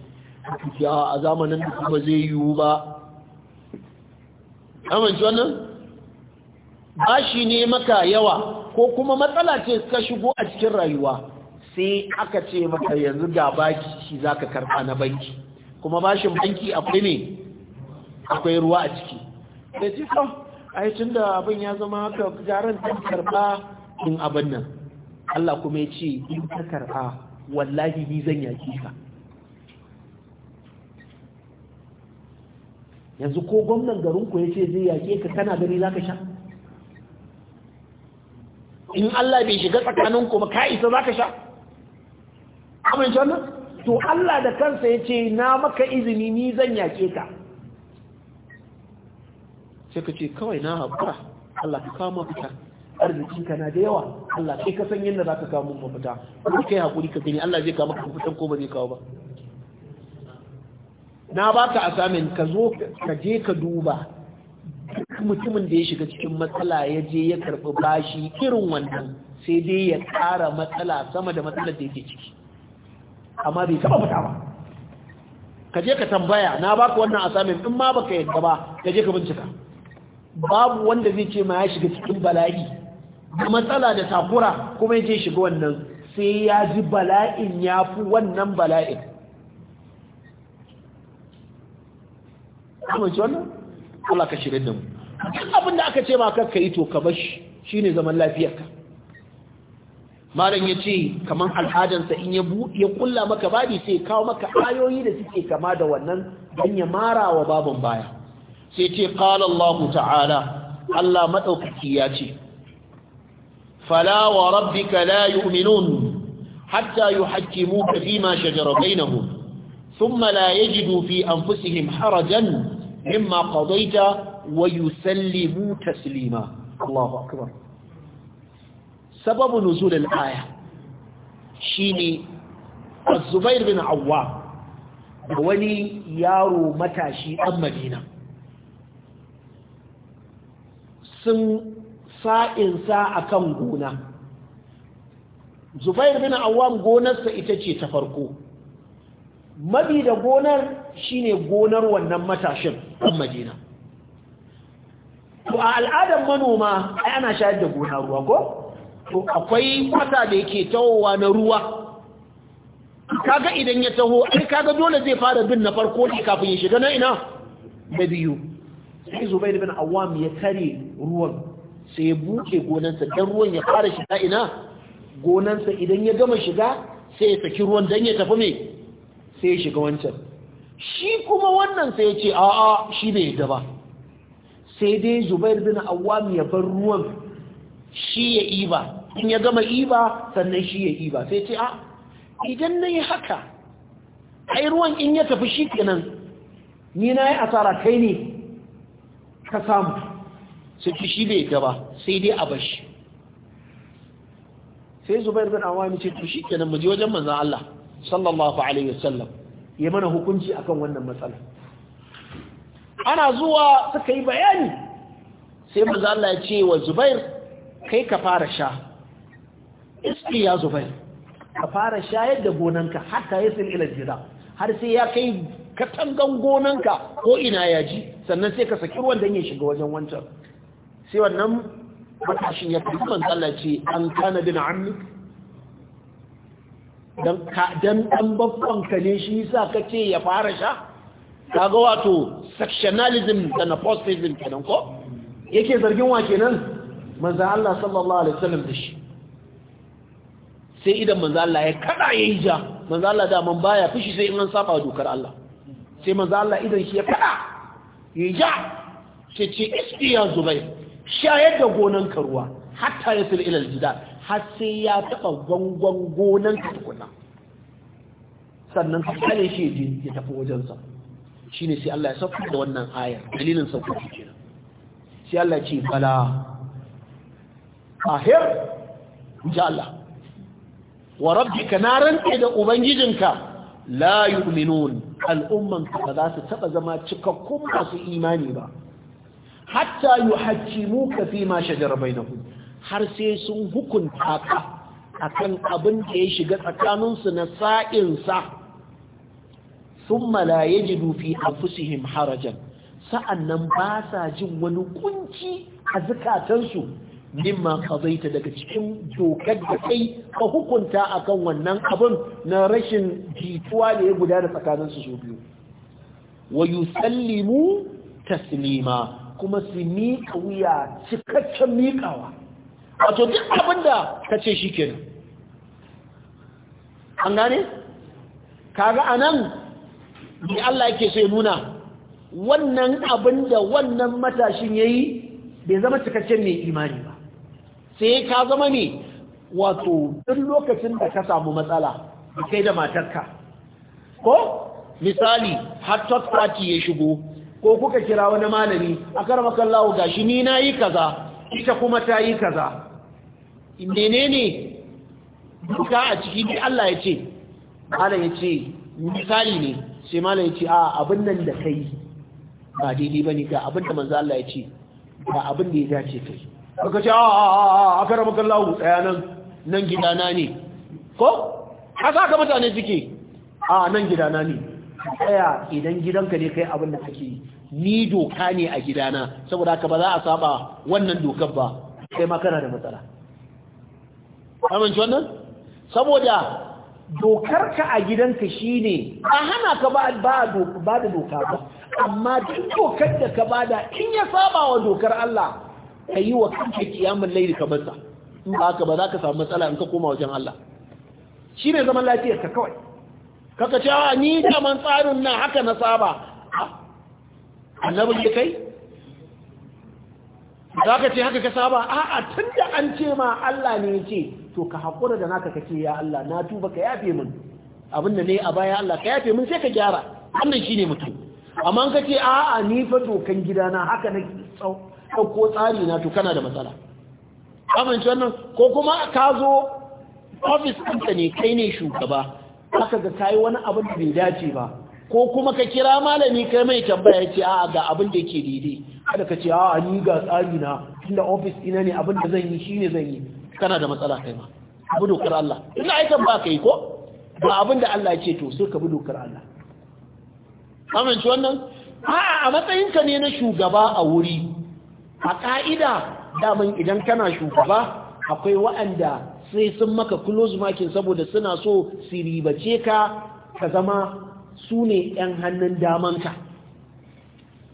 ya a zamanin da kuma zai yiwu ba amince wannan bashi ne maka yawa ko kuma matsala ce ka shigo a cikin rayuwa sai aka ce maka yanzu ga baki shi zaka karɓa na banki kuma bashin banki akwai ne akwai ruwa a ciki da ce A yi tun da abin ya zama haka jaren ta karɓa in abin nan Allah kuma ya ce in ta karɓa wallahi ni zan yaki ka yanzu ko gwamnan garinku ya ce zai yaƙe ka kana gani za ka sha in Allah bai shiga tsakaninku ba ka isa za ka sha amince wannan to Allah da kansa ya ce na maka izini ni zan yaƙe ka sai ka ce kawai na haƙura Allah ka kawo mafita arzikinka na da yawa Allah sai ka san yadda za ka kawo mafita ka kai haƙuri ka gani Allah zai kawo maka mafitan ko ba zai kawo ba na baka asamin ka zo ka je ka duba duk mutumin da ya shiga cikin matsala ya je ya karɓi bashi irin wannan sai dai ya ƙara matsala sama da matsalar da yake ciki amma bai taɓa fita ba ka je ka tambaya na baka wannan asamin, in ma baka yadda ba ka je ka bincika babu wanda zai ce ma ya shiga cikin bala'i matsala da takura kuma ya ce shiga wannan sai ya ji bala'in ya fi wannan bala'in wannan Allah ka shirin da mu abin da aka ce ma kakka ito to ka bashi ne zaman lafiyarka malam ya ce kamar al'adansa in ya kulla maka babi sai kawo maka ayoyi da suke kama da wannan don ya mara wa babin baya sai ce qala Allah ta'ala Allah maɗaukaki ya ce fala wa rabbika la yu'minun hatta yuhakkimuka fima shajara bainahum thumma la yajidu fi anfusihim harajan mimma qadaita wa yusallimu taslima Allahu akbar sababu nuzul al-aya shine Az-Zubair bin Awwam wani yaro matashi dan Madina sun sa'insa a kan gona zubair bin awam gonarsa ita ce ta farko mabi da gonar shine gonar wannan matashin ɗan majina to a al'adar manoma ana shayar da gona ruwa ko to akwai kwata da yake tawowa na ruwa kaga idan ya taho ai kaga dole zai fara bin na farko ne kafin ya shiga na ina na biyu sai zubair bin awam ya kare ruwan sai ya buke gonansa dan ruwan ya fara shiga ina gonansa idan ya gama shiga sai ya saki ruwan dan ya tafi me sai ya shiga wancan shi kuma wannan sai ya ce a'a shi bai yadda ba sai dai zubair bin awam ya bar ruwan shi ya iba in ya gama iba sannan shi ya iba sai ce a idan na yi haka ai ruwan in ya tafi shi kenan ni na yi asara kai ne ka samu sai ki shi bai gaba sai dai a bashi sai zubair bin awami ce to shi kenan wajen manzon Allah sallallahu alaihi wasallam ya mana hukunci akan wannan matsala ana zuwa suka yi bayani sai manzon Allah ya ce wa zubair kai ka fara sha iski ya zubair ka fara shayar da gonanka hatta yasil ila jira har sai ya kai katangan gonanka ko ina ya ji sannan sai ka saki ruwan don ya shiga wajen wancan sai wannan matashin ya kuma man ce an kana bin ammi dan ka dan dan babban ka ne shi yasa kace ya fara sha kaga wato sectionalism da postism kenan ko yake zargin wa kenan manzo Allah sallallahu alaihi wasallam da shi sai idan manzo Allah ya kada yayi ja manzo Allah da man baya fushi sai in an saba dokar Allah sai manzo Allah idan shi ya fada ya ja sai ce iski ya zubai shayar da gonan ka ruwa hatta ya sul ilal jidal har sai ya taba gangon gonan ka tukuna sannan ka kare shi je ya tafi wajen sa shine sai Allah ya sauka da wannan ayar dalilin sauka kenan sai Allah ce bala ahir ja Allah wa rabbika naran da ubangijinka la yu'minun al'umman ka za su taba zama cikakkun masu imani ba hatta yuhajjimu ka fi ma shajara bainahum har sai sun hukunta ka akan abin da ya shiga tsakaninsu na sa'insa thumma la yajidu fi anfusihim harajan sa'annan ba sa jin wani kunci a su. mimma qadaita daga cikin dokar da kai ka hukunta akan wannan abun na rashin jituwa da ya gudana tsakanin su biyu wa yusallimu taslima kuma su miƙa wuya cikakken miƙawa to duk abin da ka ce shi an gane? kaga a nan Allah yake ya nuna wannan abin da wannan matashin ya yi bai zama cikakken mai imani ba sai ka zama ne wato duk lokacin da ka samu matsala kai da matarka ko misali har third party ya shigo ko kuka kira wani malami a karmakan lawo shi ni na yi kaza ita kuma ta yi kaza ne duka a ciki ne Allah ya ce malam ya ce misali ne sai malam ya ce a abin nan da kai ba daidai bane ga abin da manzo Allah ya ce ga abin da ya dace kai baka ce a kara maka lawu tsaya nan nan gidana ne ko haka haka mutane suke a ah, nan gidana ne tsaya idan gidanka ne kai abin da kake yi ni doka ne a gidana saboda haka ba za a saba wannan dokar ba sai ma kana da matsala amince wannan saboda dokar ka a gidanka shine a hana ka ba ba da doka ba amma duk dokar da ka bada in ya saba wa dokar Allah ka yi wa kanka kiyamun laili ka basa in ba haka ba za ka samu matsala in ka koma wajen Allah shi ne zaman lafiyar ka kawai kaka cewa ah, ni daman tsarin nan haka na saba ah, annabin ya kai za ka ce haka ka saba a'a tun da an ce ma Allah ne ya ce to ka haƙura da naka ka ce ya Allah na tuba ka yafe min abin da ne a baya Allah ka yafe min sai ka gyara wannan ne mutum amma ka ce a'a ni fa dokan gidana haka nake tsau ɗauko tsari na to kana da matsala amince wannan ko kuma ka zo ofis ɗinka ne kai ne shugaba aka ga yi wani abin da bai dace ba ko kuma ka kira malami kai mai tambaya ce a ga abin da yake daidai kada ka ce a ni ga tsari na tunda ofis ina ne abin da zan yi shine zan yi kana da matsala kai ma abu dokar Allah ina aikan ba kai ko ba abin da Allah ce to sai ka bi dokar Allah amince wannan a a matsayinka ne na shugaba a wuri a ƙa'ida daman idan kana shugaba akwai wa'anda sai sun maka close makin saboda suna so su ribace ka ka zama su ne 'yan hannun damanka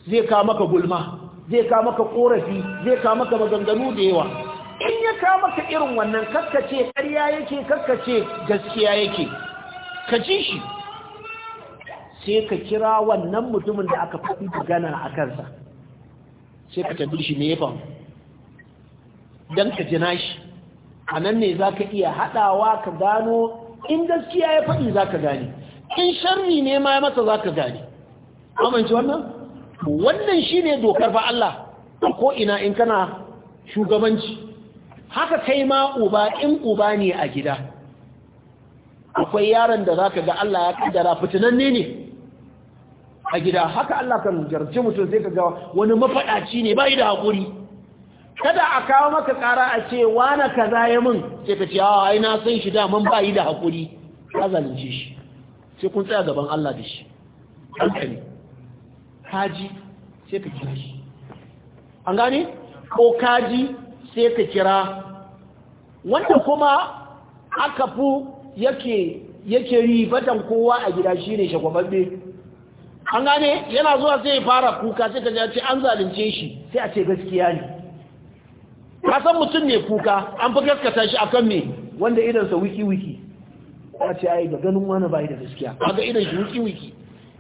zai ka maka gulma zai ka maka korafi zai ka maka maganganu da yawa in ya ka maka irin wannan kakkace ƙarya yake kakkace gaskiya yake ka ji shi sai ka kira wannan mutumin da aka faɗi gana a kansa sai ka tafi shi ne fa dan ka jina shi a nan ne za ka iya haɗawa ka gano in gaskiya ya faɗi za ka gane in sharri ne ma masa za ka gane amince wannan wannan shi ne dokar fa Allah a ko'ina in kana shugabanci haka kai ma uba in uba ne a gida akwai yaron da za ka ga Allah ya kaddara ne ne a gida haka Allah kan jarce mutum sai ka ga wani mafaɗaci ne bai da haƙuri kada a kawo maka ƙara a ce wani kaza ya min sai ka ce a ah, ai na san shi daman bai da haƙuri ka zalunce shi sai kun tsaya gaban Allah da shi hankali kaji sai ka kira shi an gane ko kaji sai ka kira wanda kuma aka fu yake yake ribatan kowa a gida shine shagwabbe an gane yana zuwa sai ya fara kuka sai ka ji ce an zalunce shi sai a ce gaskiya ne ka san mutum ne kuka an fi gaskata shi akan me wanda sa wiki wiki a ce ai da ganin wani bai da gaskiya kaga idan shi wiki wiki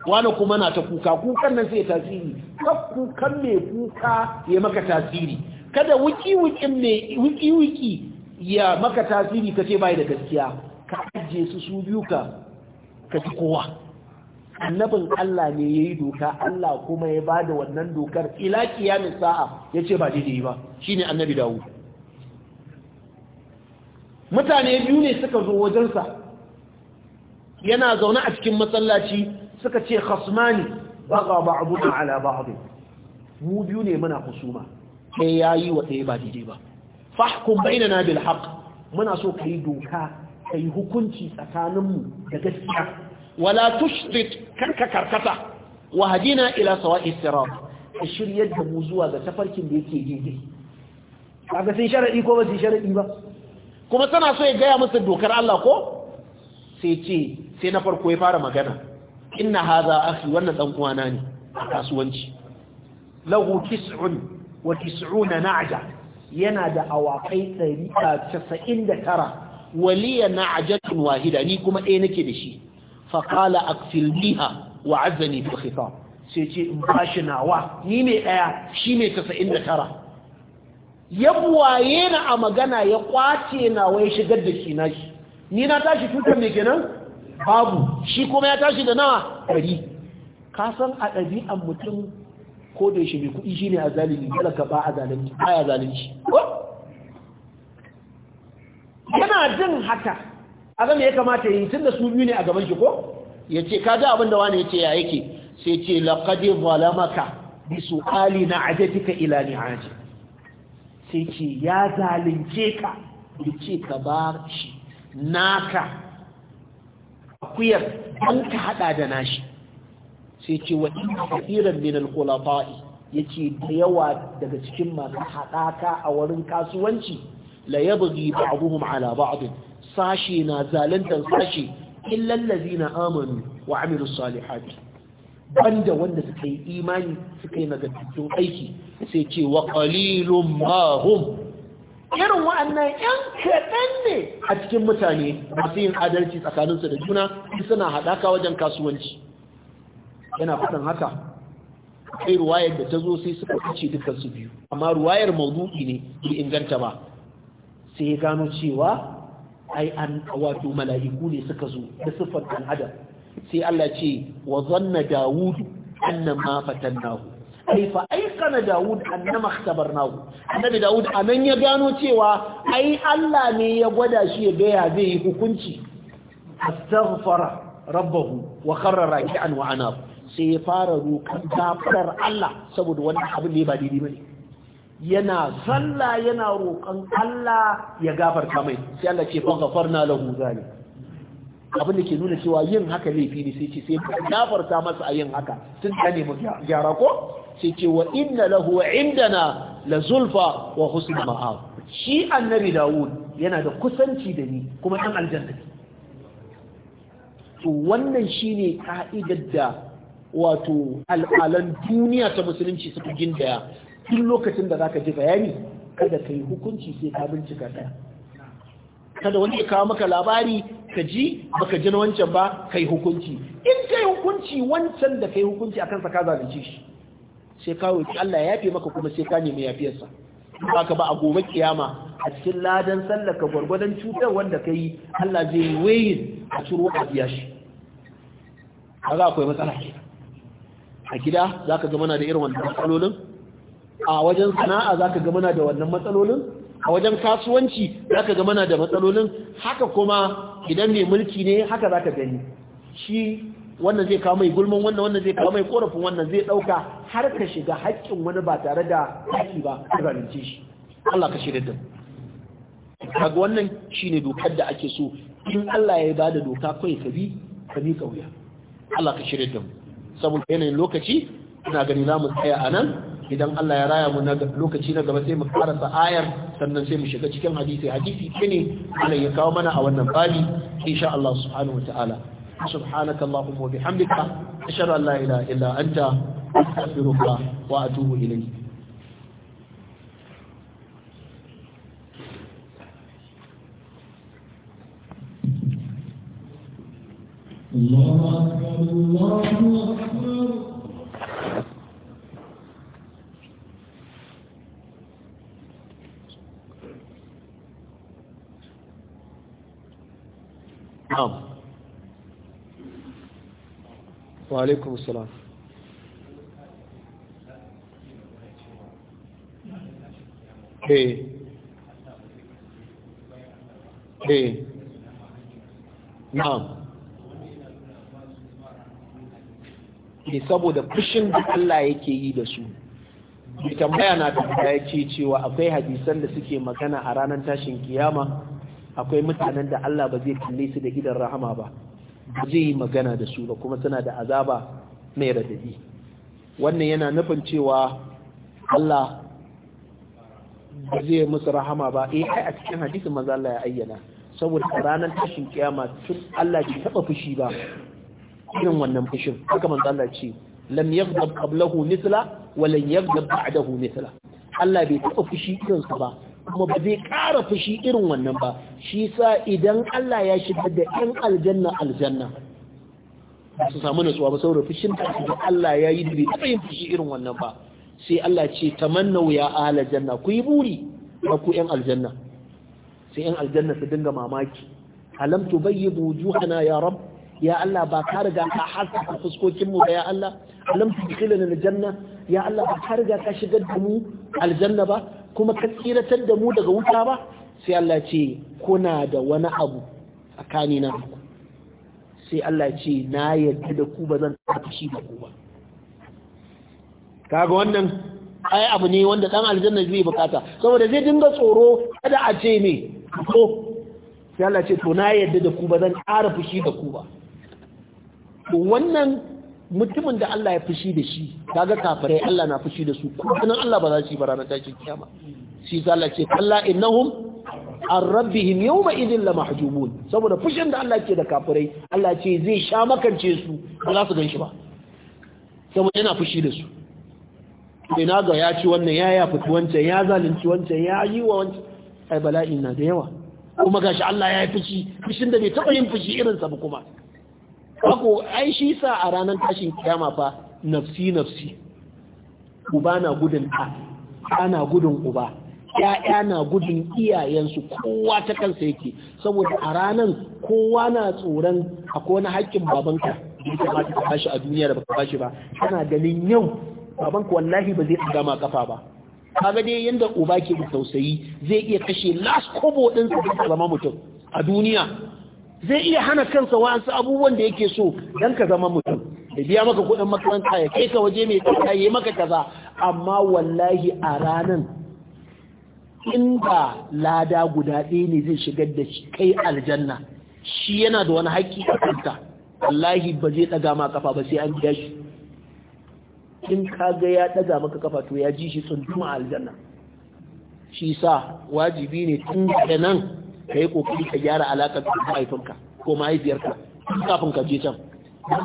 wani kuma na ta kuka kukan nan sai tasiri ka kukan me kuka ya maka tasiri kada wiki wiki ne wiki wiki ya maka tasiri ka ce bai da gaskiya ka ajiye su su biyu ka ka ci kowa annabin Allah ne yayi doka Allah kuma ya bada wannan dokar ya mai sa'a ya ce ba daidai ba Shi ne annabi dawo. mutane biyu ne suka zo wajensa yana zaune a cikin masallaci suka ce khasmani ba ba abu da ala abu. mu biyu ne muna kusuma sai yi wa sai ba daidai ba fahkum na bil haq. muna so ka yi doka ka yi hukunci tsakaninmu da gaskiya wala tushrit karka karkata wa ila sawa'i sirat ka shiryar da mu zuwa ga tafarkin da yake daidai kaga sun sharadi ko ba su sharadi ba kuma tana so ya gaya masa dokar Allah ko sai ce sai na farko ya fara magana inna hadha akhi wannan dan uwana ne a kasuwanci lahu tis'un wa tis'una na'ja yana da awakai 199 waliya na'jatun wahida ni kuma ɗaya nake da shi faƙala a filmiha wa azani fil khitab sai ce in bashi nawa ni ne ɗaya shi ne tasa'in da tara ya buwaye na a magana ya kwace nawa ya shigar da shi na shi ni na tashi tutar mai kenan babu shi kuma ya tashi da nawa ɗari ka san a ɗabi'an mutum ko da shi mai kuɗi shi ne a zalimi talaka ba a zalunci ba ya zalunci yana jin haka aga me ya kamata tun da su biyu ne a gaban shi ko yace ji abin da wani yace ya yake sai ce laqad zalamaka bi su'ali na'ajatika ila ni'aji sai ce ya zalunce ka yace ka bar shi naka akuyar an ka hada da nashi sai ce wa inna kafiran min al-khulafa'i yace da yawa daga cikin masu haɗaka a wurin kasuwanci la yabghi ba'dhum ala ba'd sashe na zalantar sashe illal ladina amanu wa amilus salihati banda wanda suka yi imani suka yi nagartattun aiki sai ce wa qalilum ma hum irin wa'annan yan kaɗan ne a cikin mutane masu yin adalci tsakaninsu da juna suna haɗaka wajen kasuwanci yana faɗin haka kai ruwayar da ta zo sai suka kace dukkan su biyu amma ruwayar maudu'i ne bai inganta ba sai ya gano cewa ai an wato mala'iku ne suka zo da siffar dan adam sai Allah ce wa zanna Dawud annama fatannahu ai fa aikana Dawud annama ikhtabarnahu annabi Dawud anan ya gano cewa ai Allah ne ya gwada shi ya ga ya zai yi hukunci astaghfara rabbahu wa kharra raki'an wa anab sai ya fara roƙon gafarar Allah saboda wannan abin da ya ba daidai bane yana zalla yana roƙon Allah ya gafarta mai sai Allah ce ban gafarna lahu zali abin da ke nuna cewa yin haka laifi ne sai ce sai gafarta masa a yin haka sun ta nemi gyara ko sai ce wa inna lahu wa indana la zulfa wa husna ma'ab shi annabi Dawud yana da kusanci da ni kuma dan aljanna to wannan shine ka'idar da wato al'alan duniya ta musulunci suka gindaya duk lokacin da zaka ji bayani kada kai hukunci sai ka bincika ɗaya. kada wani ya kawo maka labari ka ji baka ji na wancan ba kai hukunci in kai hukunci wancan da kai hukunci akan sa ka zalunci shi sai ka wuce Allah ya yafe maka kuma sai ka nemi yafiyarsa baka ba a gobe kiyama a cikin ladan ka gwargwadon cutar wanda kai Allah zai waye a turo a biya shi kaga akwai matsala a gida zaka ga mana da irin wannan matsalolin a wajen sana'a zaka ga muna da wannan matsalolin a wajen kasuwanci zaka ga muna da matsalolin haka kuma idan mai mulki ne haka zaka gani shi wannan zai kawo mai gulman wannan wannan zai kawo mai korafin wannan zai dauka har ka shiga haƙƙin wani ba tare da haƙi ba zalunce shi Allah ka shirya da kaga wannan shine dokar da ake so in Allah ya bada doka kai ka bi ka bi kauya Allah ka shirya da mu saboda yanayin lokaci ina gani za mu tsaya a nan idan Allah ya raya mu na lokaci na gaba sai mu karasa ayar sannan sai mu shiga cikin hadisi hadisi ne Allah ya kawo mana a wannan bali insha Allah subhanahu wataala subhanaka allahumma wa bihamdika ashhadu an la ilaha illa anta astaghfiruka wa atubu ilayk الله أكبر الله أكبر وعليكم السلام ايه ايه نعم saboda fushin da Allah yake yi da su mai tambaya na ta ya ce cewa akwai hadisan da suke magana a ranar tashin kiyama akwai mutanen da Allah ba zai kalle su da idan rahama ba ba zai yi magana da su ba kuma tana da azaba mai radadi wannan yana nufin cewa Allah ba zai musu rahama ba eh ai a cikin hadisin manzo Allah ya ayyana saboda ranar tashin kiyama tun Allah bai taba fushi ba irin wannan fushin haka manzo Allah ce lam yaghdab qablahu mithla wa lan yaghdab ba'dahu mithla Allah bai taba fushi irin sa ba kuma ba zai ƙara fushi irin wannan ba shi sa idan Allah ya shigar da 'yan aljanna aljanna su samu natsuwa ba saboda fushin da Allah ya yi da bai yin fushi irin wannan ba sai Allah ce manna wuya a janna ku yi buri ba ku 'yan aljanna sai 'yan aljanna su dinga mamaki alam tu bayyidu wujuhana ya rab ya Allah ba ka riga ka haska fuskokin mu ya Allah alam tu dkhilna aljanna ya Allah ba ka riga ka shigar da mu aljanna ba kuma ka tsiratar da mu daga wuta ba sai Allah ce kuna da wani abu kani na ku sai Allah ce na yadda da ku ba zan tafi da ku ba kaga wannan ai abu ne wanda dan aljanna zai bukata saboda zai dinga tsoro kada a ce me ko sai Allah ce to na yadda da ku ba zan ƙara fushi da ku ba to wannan mutumin da Allah ya fushi da shi kaga kafirai Allah na fushi da su kuma Allah ba za shi ba ranar tashin kiyama shi sai Allah ce kalla innahum an yau ma idin la mahjubun saboda fushin da Allah ke da kafirai Allah ce zai sha makance su ba za su ganshi ba saboda yana fushi da su ina ga ya ci wannan ya yafi wancan ya zalunci wancan ya yi wa wancan ai bala'in na da yawa kuma gashi Allah ya yi fushi fushin da bai taɓa yin fushi irin sa ba kuma hako ai shi sa a ranar tashin kiyama fa nafsi nafsi uba na gudun ɗa ana gudun uba ya'ya na gudun iyayensu kowa ta kansa yake saboda a ranan kowa na tsoron a kowane haƙƙin babanka da ya ka bashi a duniya da baka bashi ba tana ganin yau babanka wallahi ba zai ɗaga ma kafa ba kaga dai yanda uba ke da tausayi zai iya kashe las kobo din sa zama mutum a duniya zai iya hana kansa wasu abubuwan da yake so dan ka zama mutum da biya maka kuɗin makaranta ya kai ka waje mai tsaka yi maka kaza amma wallahi a ranan In ba lada guda ɗaya ne zai shigar da shi kai aljanna shi yana da wani haƙƙi a kanta wallahi ba zai ɗaga ma kafa ba sai an biya shi in ka ga ya ɗaga maka kafa to ya ji shi tsuntuma a aljanna shi sa wajibi ne tun da nan ka yi ƙoƙari ka gyara alaƙa da mahaifinka ko mahaifiyarka kafin ka je can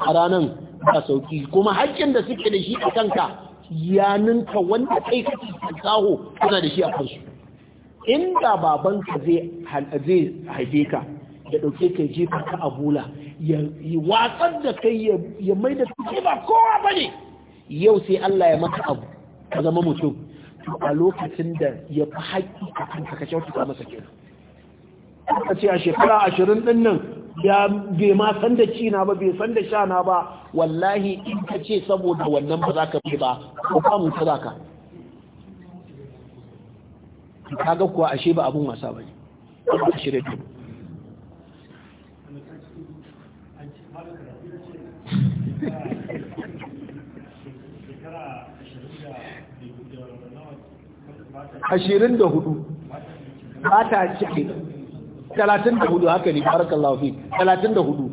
a ranar ba sauki kuma haƙƙin da suke da shi a kanka ya ninka wanda kai kake tsaho kana da shi a kansu inda babanka zai haife ka ya ɗauke ka jefa ka a bula ya watsar da kai ya mai da kai ba kowa ba ne yau sai Allah ya maka abu ka zama mutum a lokacin da ya fi haƙi a ka masa kira. ka ce a shekara ashirin ɗin nan ya bai ma san da ci na ba bai san da sha na ba wallahi in ka ce saboda wannan ba za ka fi ba ko kamun ta za ka kaga kuwa ashe ba abun wasa bane ashirin da hudu ba ta cike talatin da hudu haka ne barakallahu fi talatin da hudu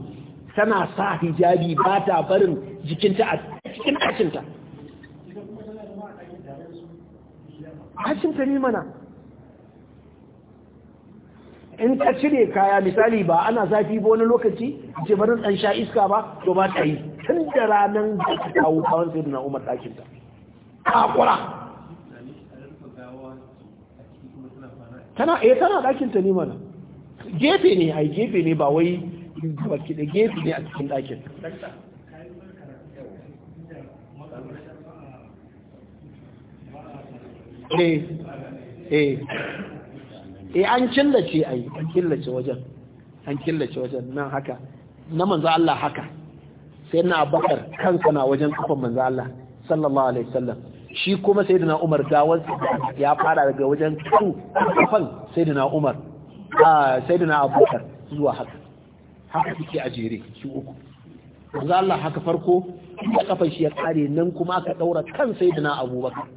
tana sa hijabi ba ta barin jikinta a cikin ɗakinta. Ɗakinta ne mana, in ta cire kaya misali ba ana zafi ba wani lokaci ce bari dan sha iska ba to ba ta yi tun da ranar da ta kawo kawon sai na umar ɗakin ta kakura tana eh tana ɗakin ta ne mana gefe ne ai gefe ne ba wai baki da gefe ne a cikin ɗakin eh eh eh an killace ai an killace wajen an killace wajen nan haka na manzo Allah haka sai na Abubakar kansa na wajen kafan manzo Allah sallallahu alaihi wasallam shi kuma sayyidina Umar gawar ya fara daga wajen kafan sayyidina Umar a sayyidina Abubakar zuwa haka haka suke a jere shi uku manzo Allah haka farko da kafan shi ya kare nan kuma aka daura kan sayyidina Abubakar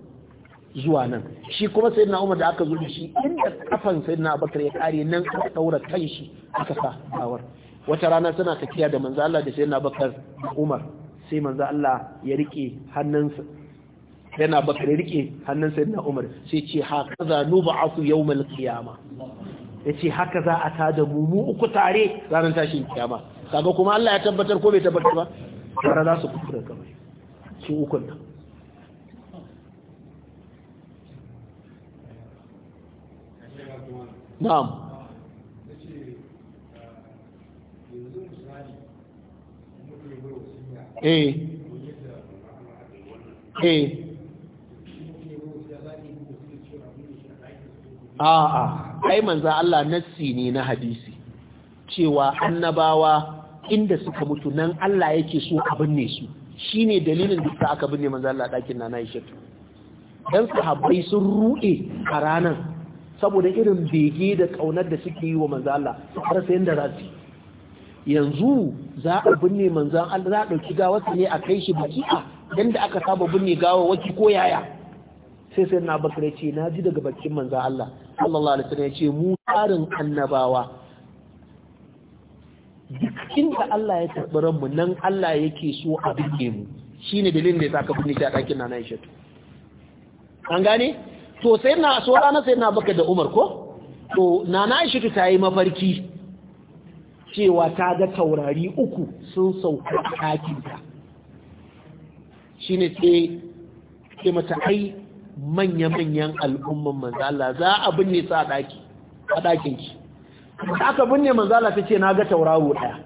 zuwa nan shi kuma sai na umar da aka zo shi inda kafan sai na abakar ya kare nan aka daura kan shi aka sa bawar wata rana suna tafiya da manzo Allah da sai na abakar umar sai manzo Allah ya rike hannunsa yana bakar rike hannun sayyidina Umar sai ce haka za nub'athu yawmal qiyama yace haka za a tada mu mu uku tare ranar tashin kiyama kaga kuma Allah ya tabbatar ko bai tabbatar ba tare za su kufura kamar su ukun nan na'am eh eh a'a ai manzo Allah nassi ne na hadisi cewa annabawa inda suka mutu nan Allah yake so a binne su shine dalilin da aka binne manzo Allah ɗakin na Aisha dan sahabbai sun ruɗe a ranan. saboda irin bege da ƙaunar da suke yi wa manzan Allah har sai da rasu yanzu za a binne manzan Allah za a ɗauki gawarsa ne a kai shi a yanda aka saba binne gawa waki ko yaya sai sai na bakare ce na ji daga bakin manzan Allah sallallahu alaihi wasallam ya ce mu tsarin annabawa duk inda Allah ya tabbar mu nan Allah yake so a binne mu shine dalilin da ya saka binne shi a ɗakin Nana Aisha an gane to sai na so ranar sai na baka da umar ko to nana aishatu ta yi mafarki cewa ta ga taurari uku sun sauka a ɗakinta ne ce ke mata ai manya-manyan al'umman manzala za a binne su a ɗakin ki ta aka binne manzala ta ce na ga tauraro ɗaya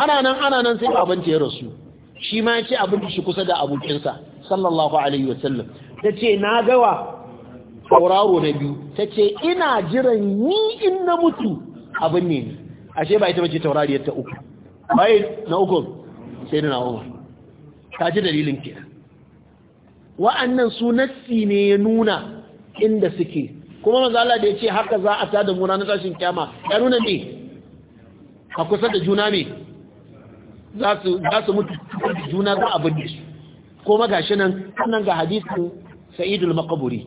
ana nan ana nan sai abin ya rasu shi ma ya ce abinci shi kusa da abokinsa sallallahu alaihi wasallam ta ce na gawa sauraro na biyu ta ce ina jiran ni in na mutu abin ne ne ashe ba ita mace taurari ta uku bai na uku sai na umar ta ji dalilin ke wa'annan su nassi ne ya nuna inda suke kuma mazala da ya ce haka za a tada mura na tashin kyama ya nuna ne a kusa da juna ne za su mutu da juna za a binne su kuma shi nan nan ga hadisin sa'idul maqburi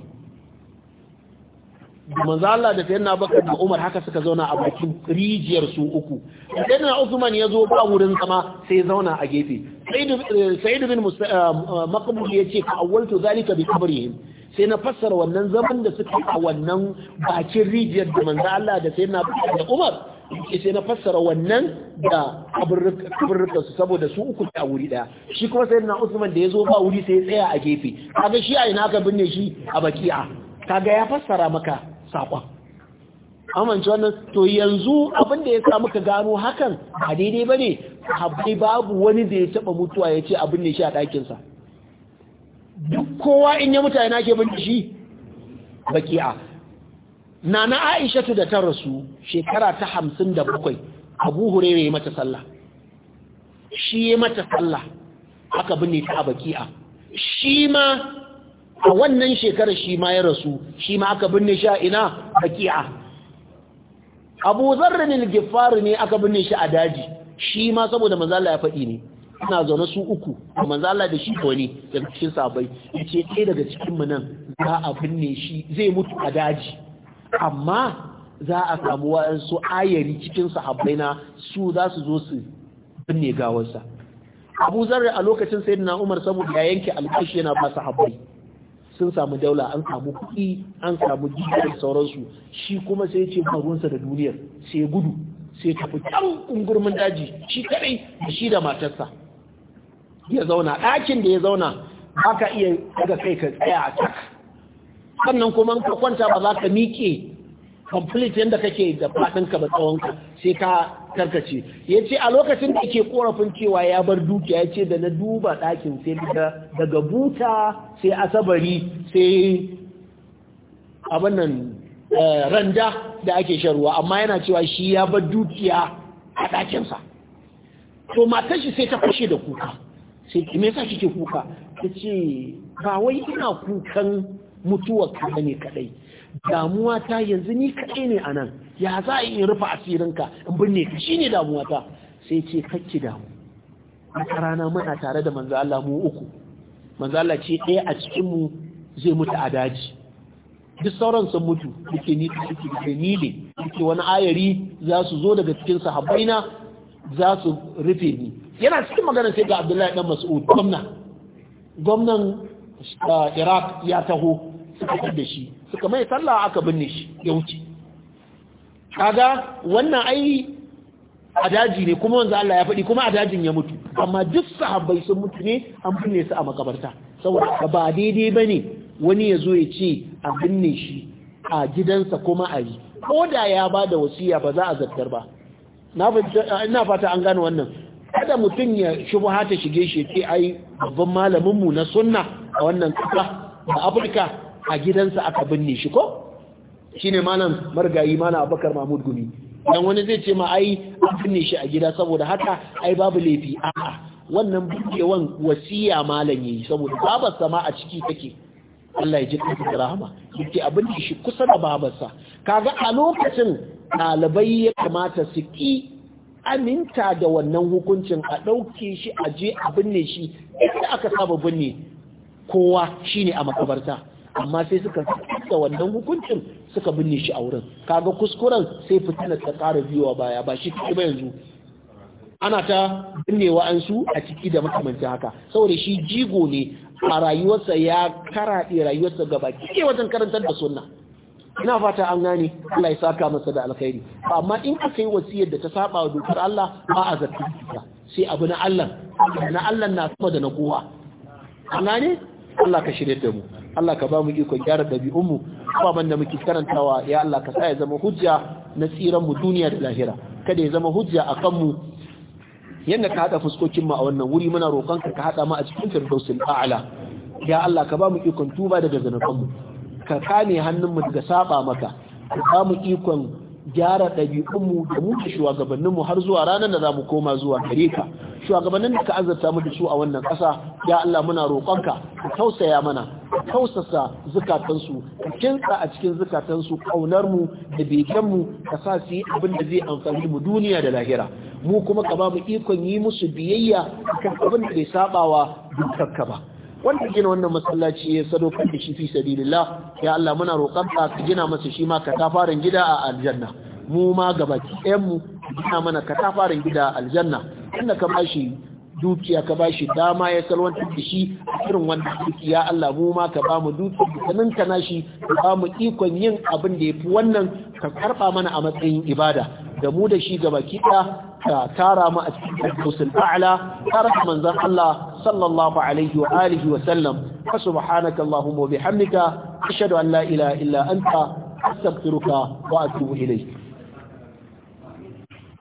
manzo Allah da sayyidina Abubakar da Umar haka suka zauna a bakin rijiyar su uku sayyidina Uthman ya zo ba wurin zama sai zauna a gefe sayyid bin eh, ya ce ka awwaltu zalika bi qabrihim sai na fassara wannan zaman da suka a wannan bakin rijiyar da manzo Allah da sayyidina Abubakar da Umar yake sai na fassara wannan da abin kaburrukan su saboda su uku a wuri daya shi kuma sai na Usman da ya zo ba wuri sai ya tsaya a gefe kaga shi a ina aka binne shi a baki'a kaga ya fassara maka sakon amince wannan to yanzu abin da ya sa muka gano hakan a daidai bane habbai babu wani da ya taba mutuwa ya ce a binne shi a ɗakinsa. duk kowa in ya mutane ake binne shi baki'a nana aishatu da ta rasu shekara ta hamsin da bakwai abu hurere ya mata sallah shi ya mata sallah aka binne ta a baki'a shi ma a wannan shekarar shi ma ya rasu shi ma aka binne shi a ina baki'a abu ne gifari ne aka binne shi a daji shi ma saboda manzala ya faɗi ne ina zaune su uku da manzala da shi ko wani daga cikin sabai ya ce ɗaya daga cikinmu nan za a binne shi zai mutu a daji amma za a samu waɗansu ayari cikin sahabbai na su za su zo su binne gawarsa abu zarra a lokacin sai na umar saboda ya yanke alƙashi yana ba sahabbai sun samu daula an samu kuɗi an samu gida sauransu shi kuma sai ce ruwansa da duniyar sai gudu sai tafi can kungurmin daji shi kaɗai da shi da matarsa ya zauna ɗakin da ya zauna ba ka iya daga kai ka tsaya a cak. sannan kuma ka kwanta ba za ka miƙe complete yadda kake da faɗinka ba tsawonka sai ka karkace ya ce a lokacin da ke korafin cewa ya bar dukiya ya ce da na duba ɗakin sai daga buta sai asabari sai abinnan eh, randa da ake sharuwa amma yana cewa shi ya bar dukiya a ɗakinsa to matan shi sai ta fashe da kuka sai me shi ke kuka ta ce ba wai ina kukan mutuwa kada ne kadai damuwa ta yanzu ni kadai ne anan ya za a yi rufa asirinka in binne ka shine damuwa ta sai ce kakki damu a rana muna tare da manzo Allah mu uku manzo Allah ce ɗaya a cikin mu zai mutu a daji duk sauran sun mutu duke ni da ni ne duke wani ayari za su zo daga cikin sahabbaina za su rufe ni yana cikin magana sai ga Abdullahi dan Mas'ud gwamna gwamnan ah, Iraq ya taho suka da shi suka mai sallah aka binne shi ya wuce kaga wannan ai a daji ne kuma wanzu Allah ya faɗi kuma a dajin ya mutu amma duk sahabbai sun mutu ne an binne su a makabarta saboda ba daidai ba ne wani ya zo ya ce a binne shi a gidansa kuma a yi ko da ya ba da wasiya ba za a zartar ba ina fata an gane wannan kada mutum ya shubha ta shige shi ce ai babban malaminmu na sunna a wannan kasa a afirka a gidansa aka binne shi ko shine malam margayi malam abakar mahmud gumi dan wani zai ce ma ai an binne shi a gida saboda haka ai babu laifi a'a wannan bukewan wasiya malam yayi saboda babar sama a ciki take Allah ya ji da rahama yake abin da shi kusa da babarsa kaga a lokacin ɗalibai ya kamata su ki aminta da wannan hukuncin a ɗauke shi a je a binne shi inda aka saba binne kowa shine a makabarta amma sai suka da wannan hukuncin suka binne shi a wurin kaga kuskuren sai fitinar ta ƙara biyowa baya ba shi ba yanzu ana ta binne wa'ansu a ciki da makamancin haka saboda shi jigo ne a rayuwarsa ya karaɗe rayuwarsa gaba kike wajen karantar da sunna ina fata an gane Allah ya saka masa da alkhairi amma in aka yi wasiyar da ta saba wa dokar Allah ba a zakka sai abu na Allah na Allah na sama da na kowa an gane Allah ka shirye da mu Allah ka ba mu ikon gyara ɗabi'unmu ababen da muke karantawa ya Allah ka sa ya zama hujja na tsiranmu duniya da lahira kada ya zama hujja a kanmu yadda ka haɗa fuskokinmu a wannan wuri muna roƙonka ka haɗa mu a cikin firdausul a'la ya Allah ka ba mu ikon tuba daga zanafanmu ka kame hannunmu daga saba maka ka ba mu ikon gyara ɗabi'unmu da mu da shugabanninmu har zuwa ranar da za mu koma zuwa gare ka shugabannin da ka azurta mu da su a wannan ƙasa ya Allah muna roƙonka ka tausaya mana ka tausasa zukatansu ka kinsa a cikin zukatansu ƙaunar mu da begen mu ka sa su yi abin da zai amfani mu duniya da lahira mu kuma ka ba mu ikon yi musu biyayya kan abin da bai sabawa ka ba wanda gina wannan masallaci ya sadaukar da shi fi sabilillah ya Allah muna roƙonka ka gina masa shi ma katafaren gida a aljanna mu ma gaba ɗayan mu gina mana katafaren gida a aljanna inda ka bashi dukiya ka bashi dama ya salwantar da shi a irin wannan duki ya Allah mu ma ka bamu dukiya da sanin nashi ka bamu ikon yin abin da fi wannan ka karɓa mana a matsayin ibada da mu da shi gaba kida ta tara mu a cikin dusul a'la tare da manzon Allah sallallahu alaihi wa alihi wa sallam subhanaka allahumma wa bihamdika ashhadu an la ilaha illa anta astaghfiruka wa atubu ilayk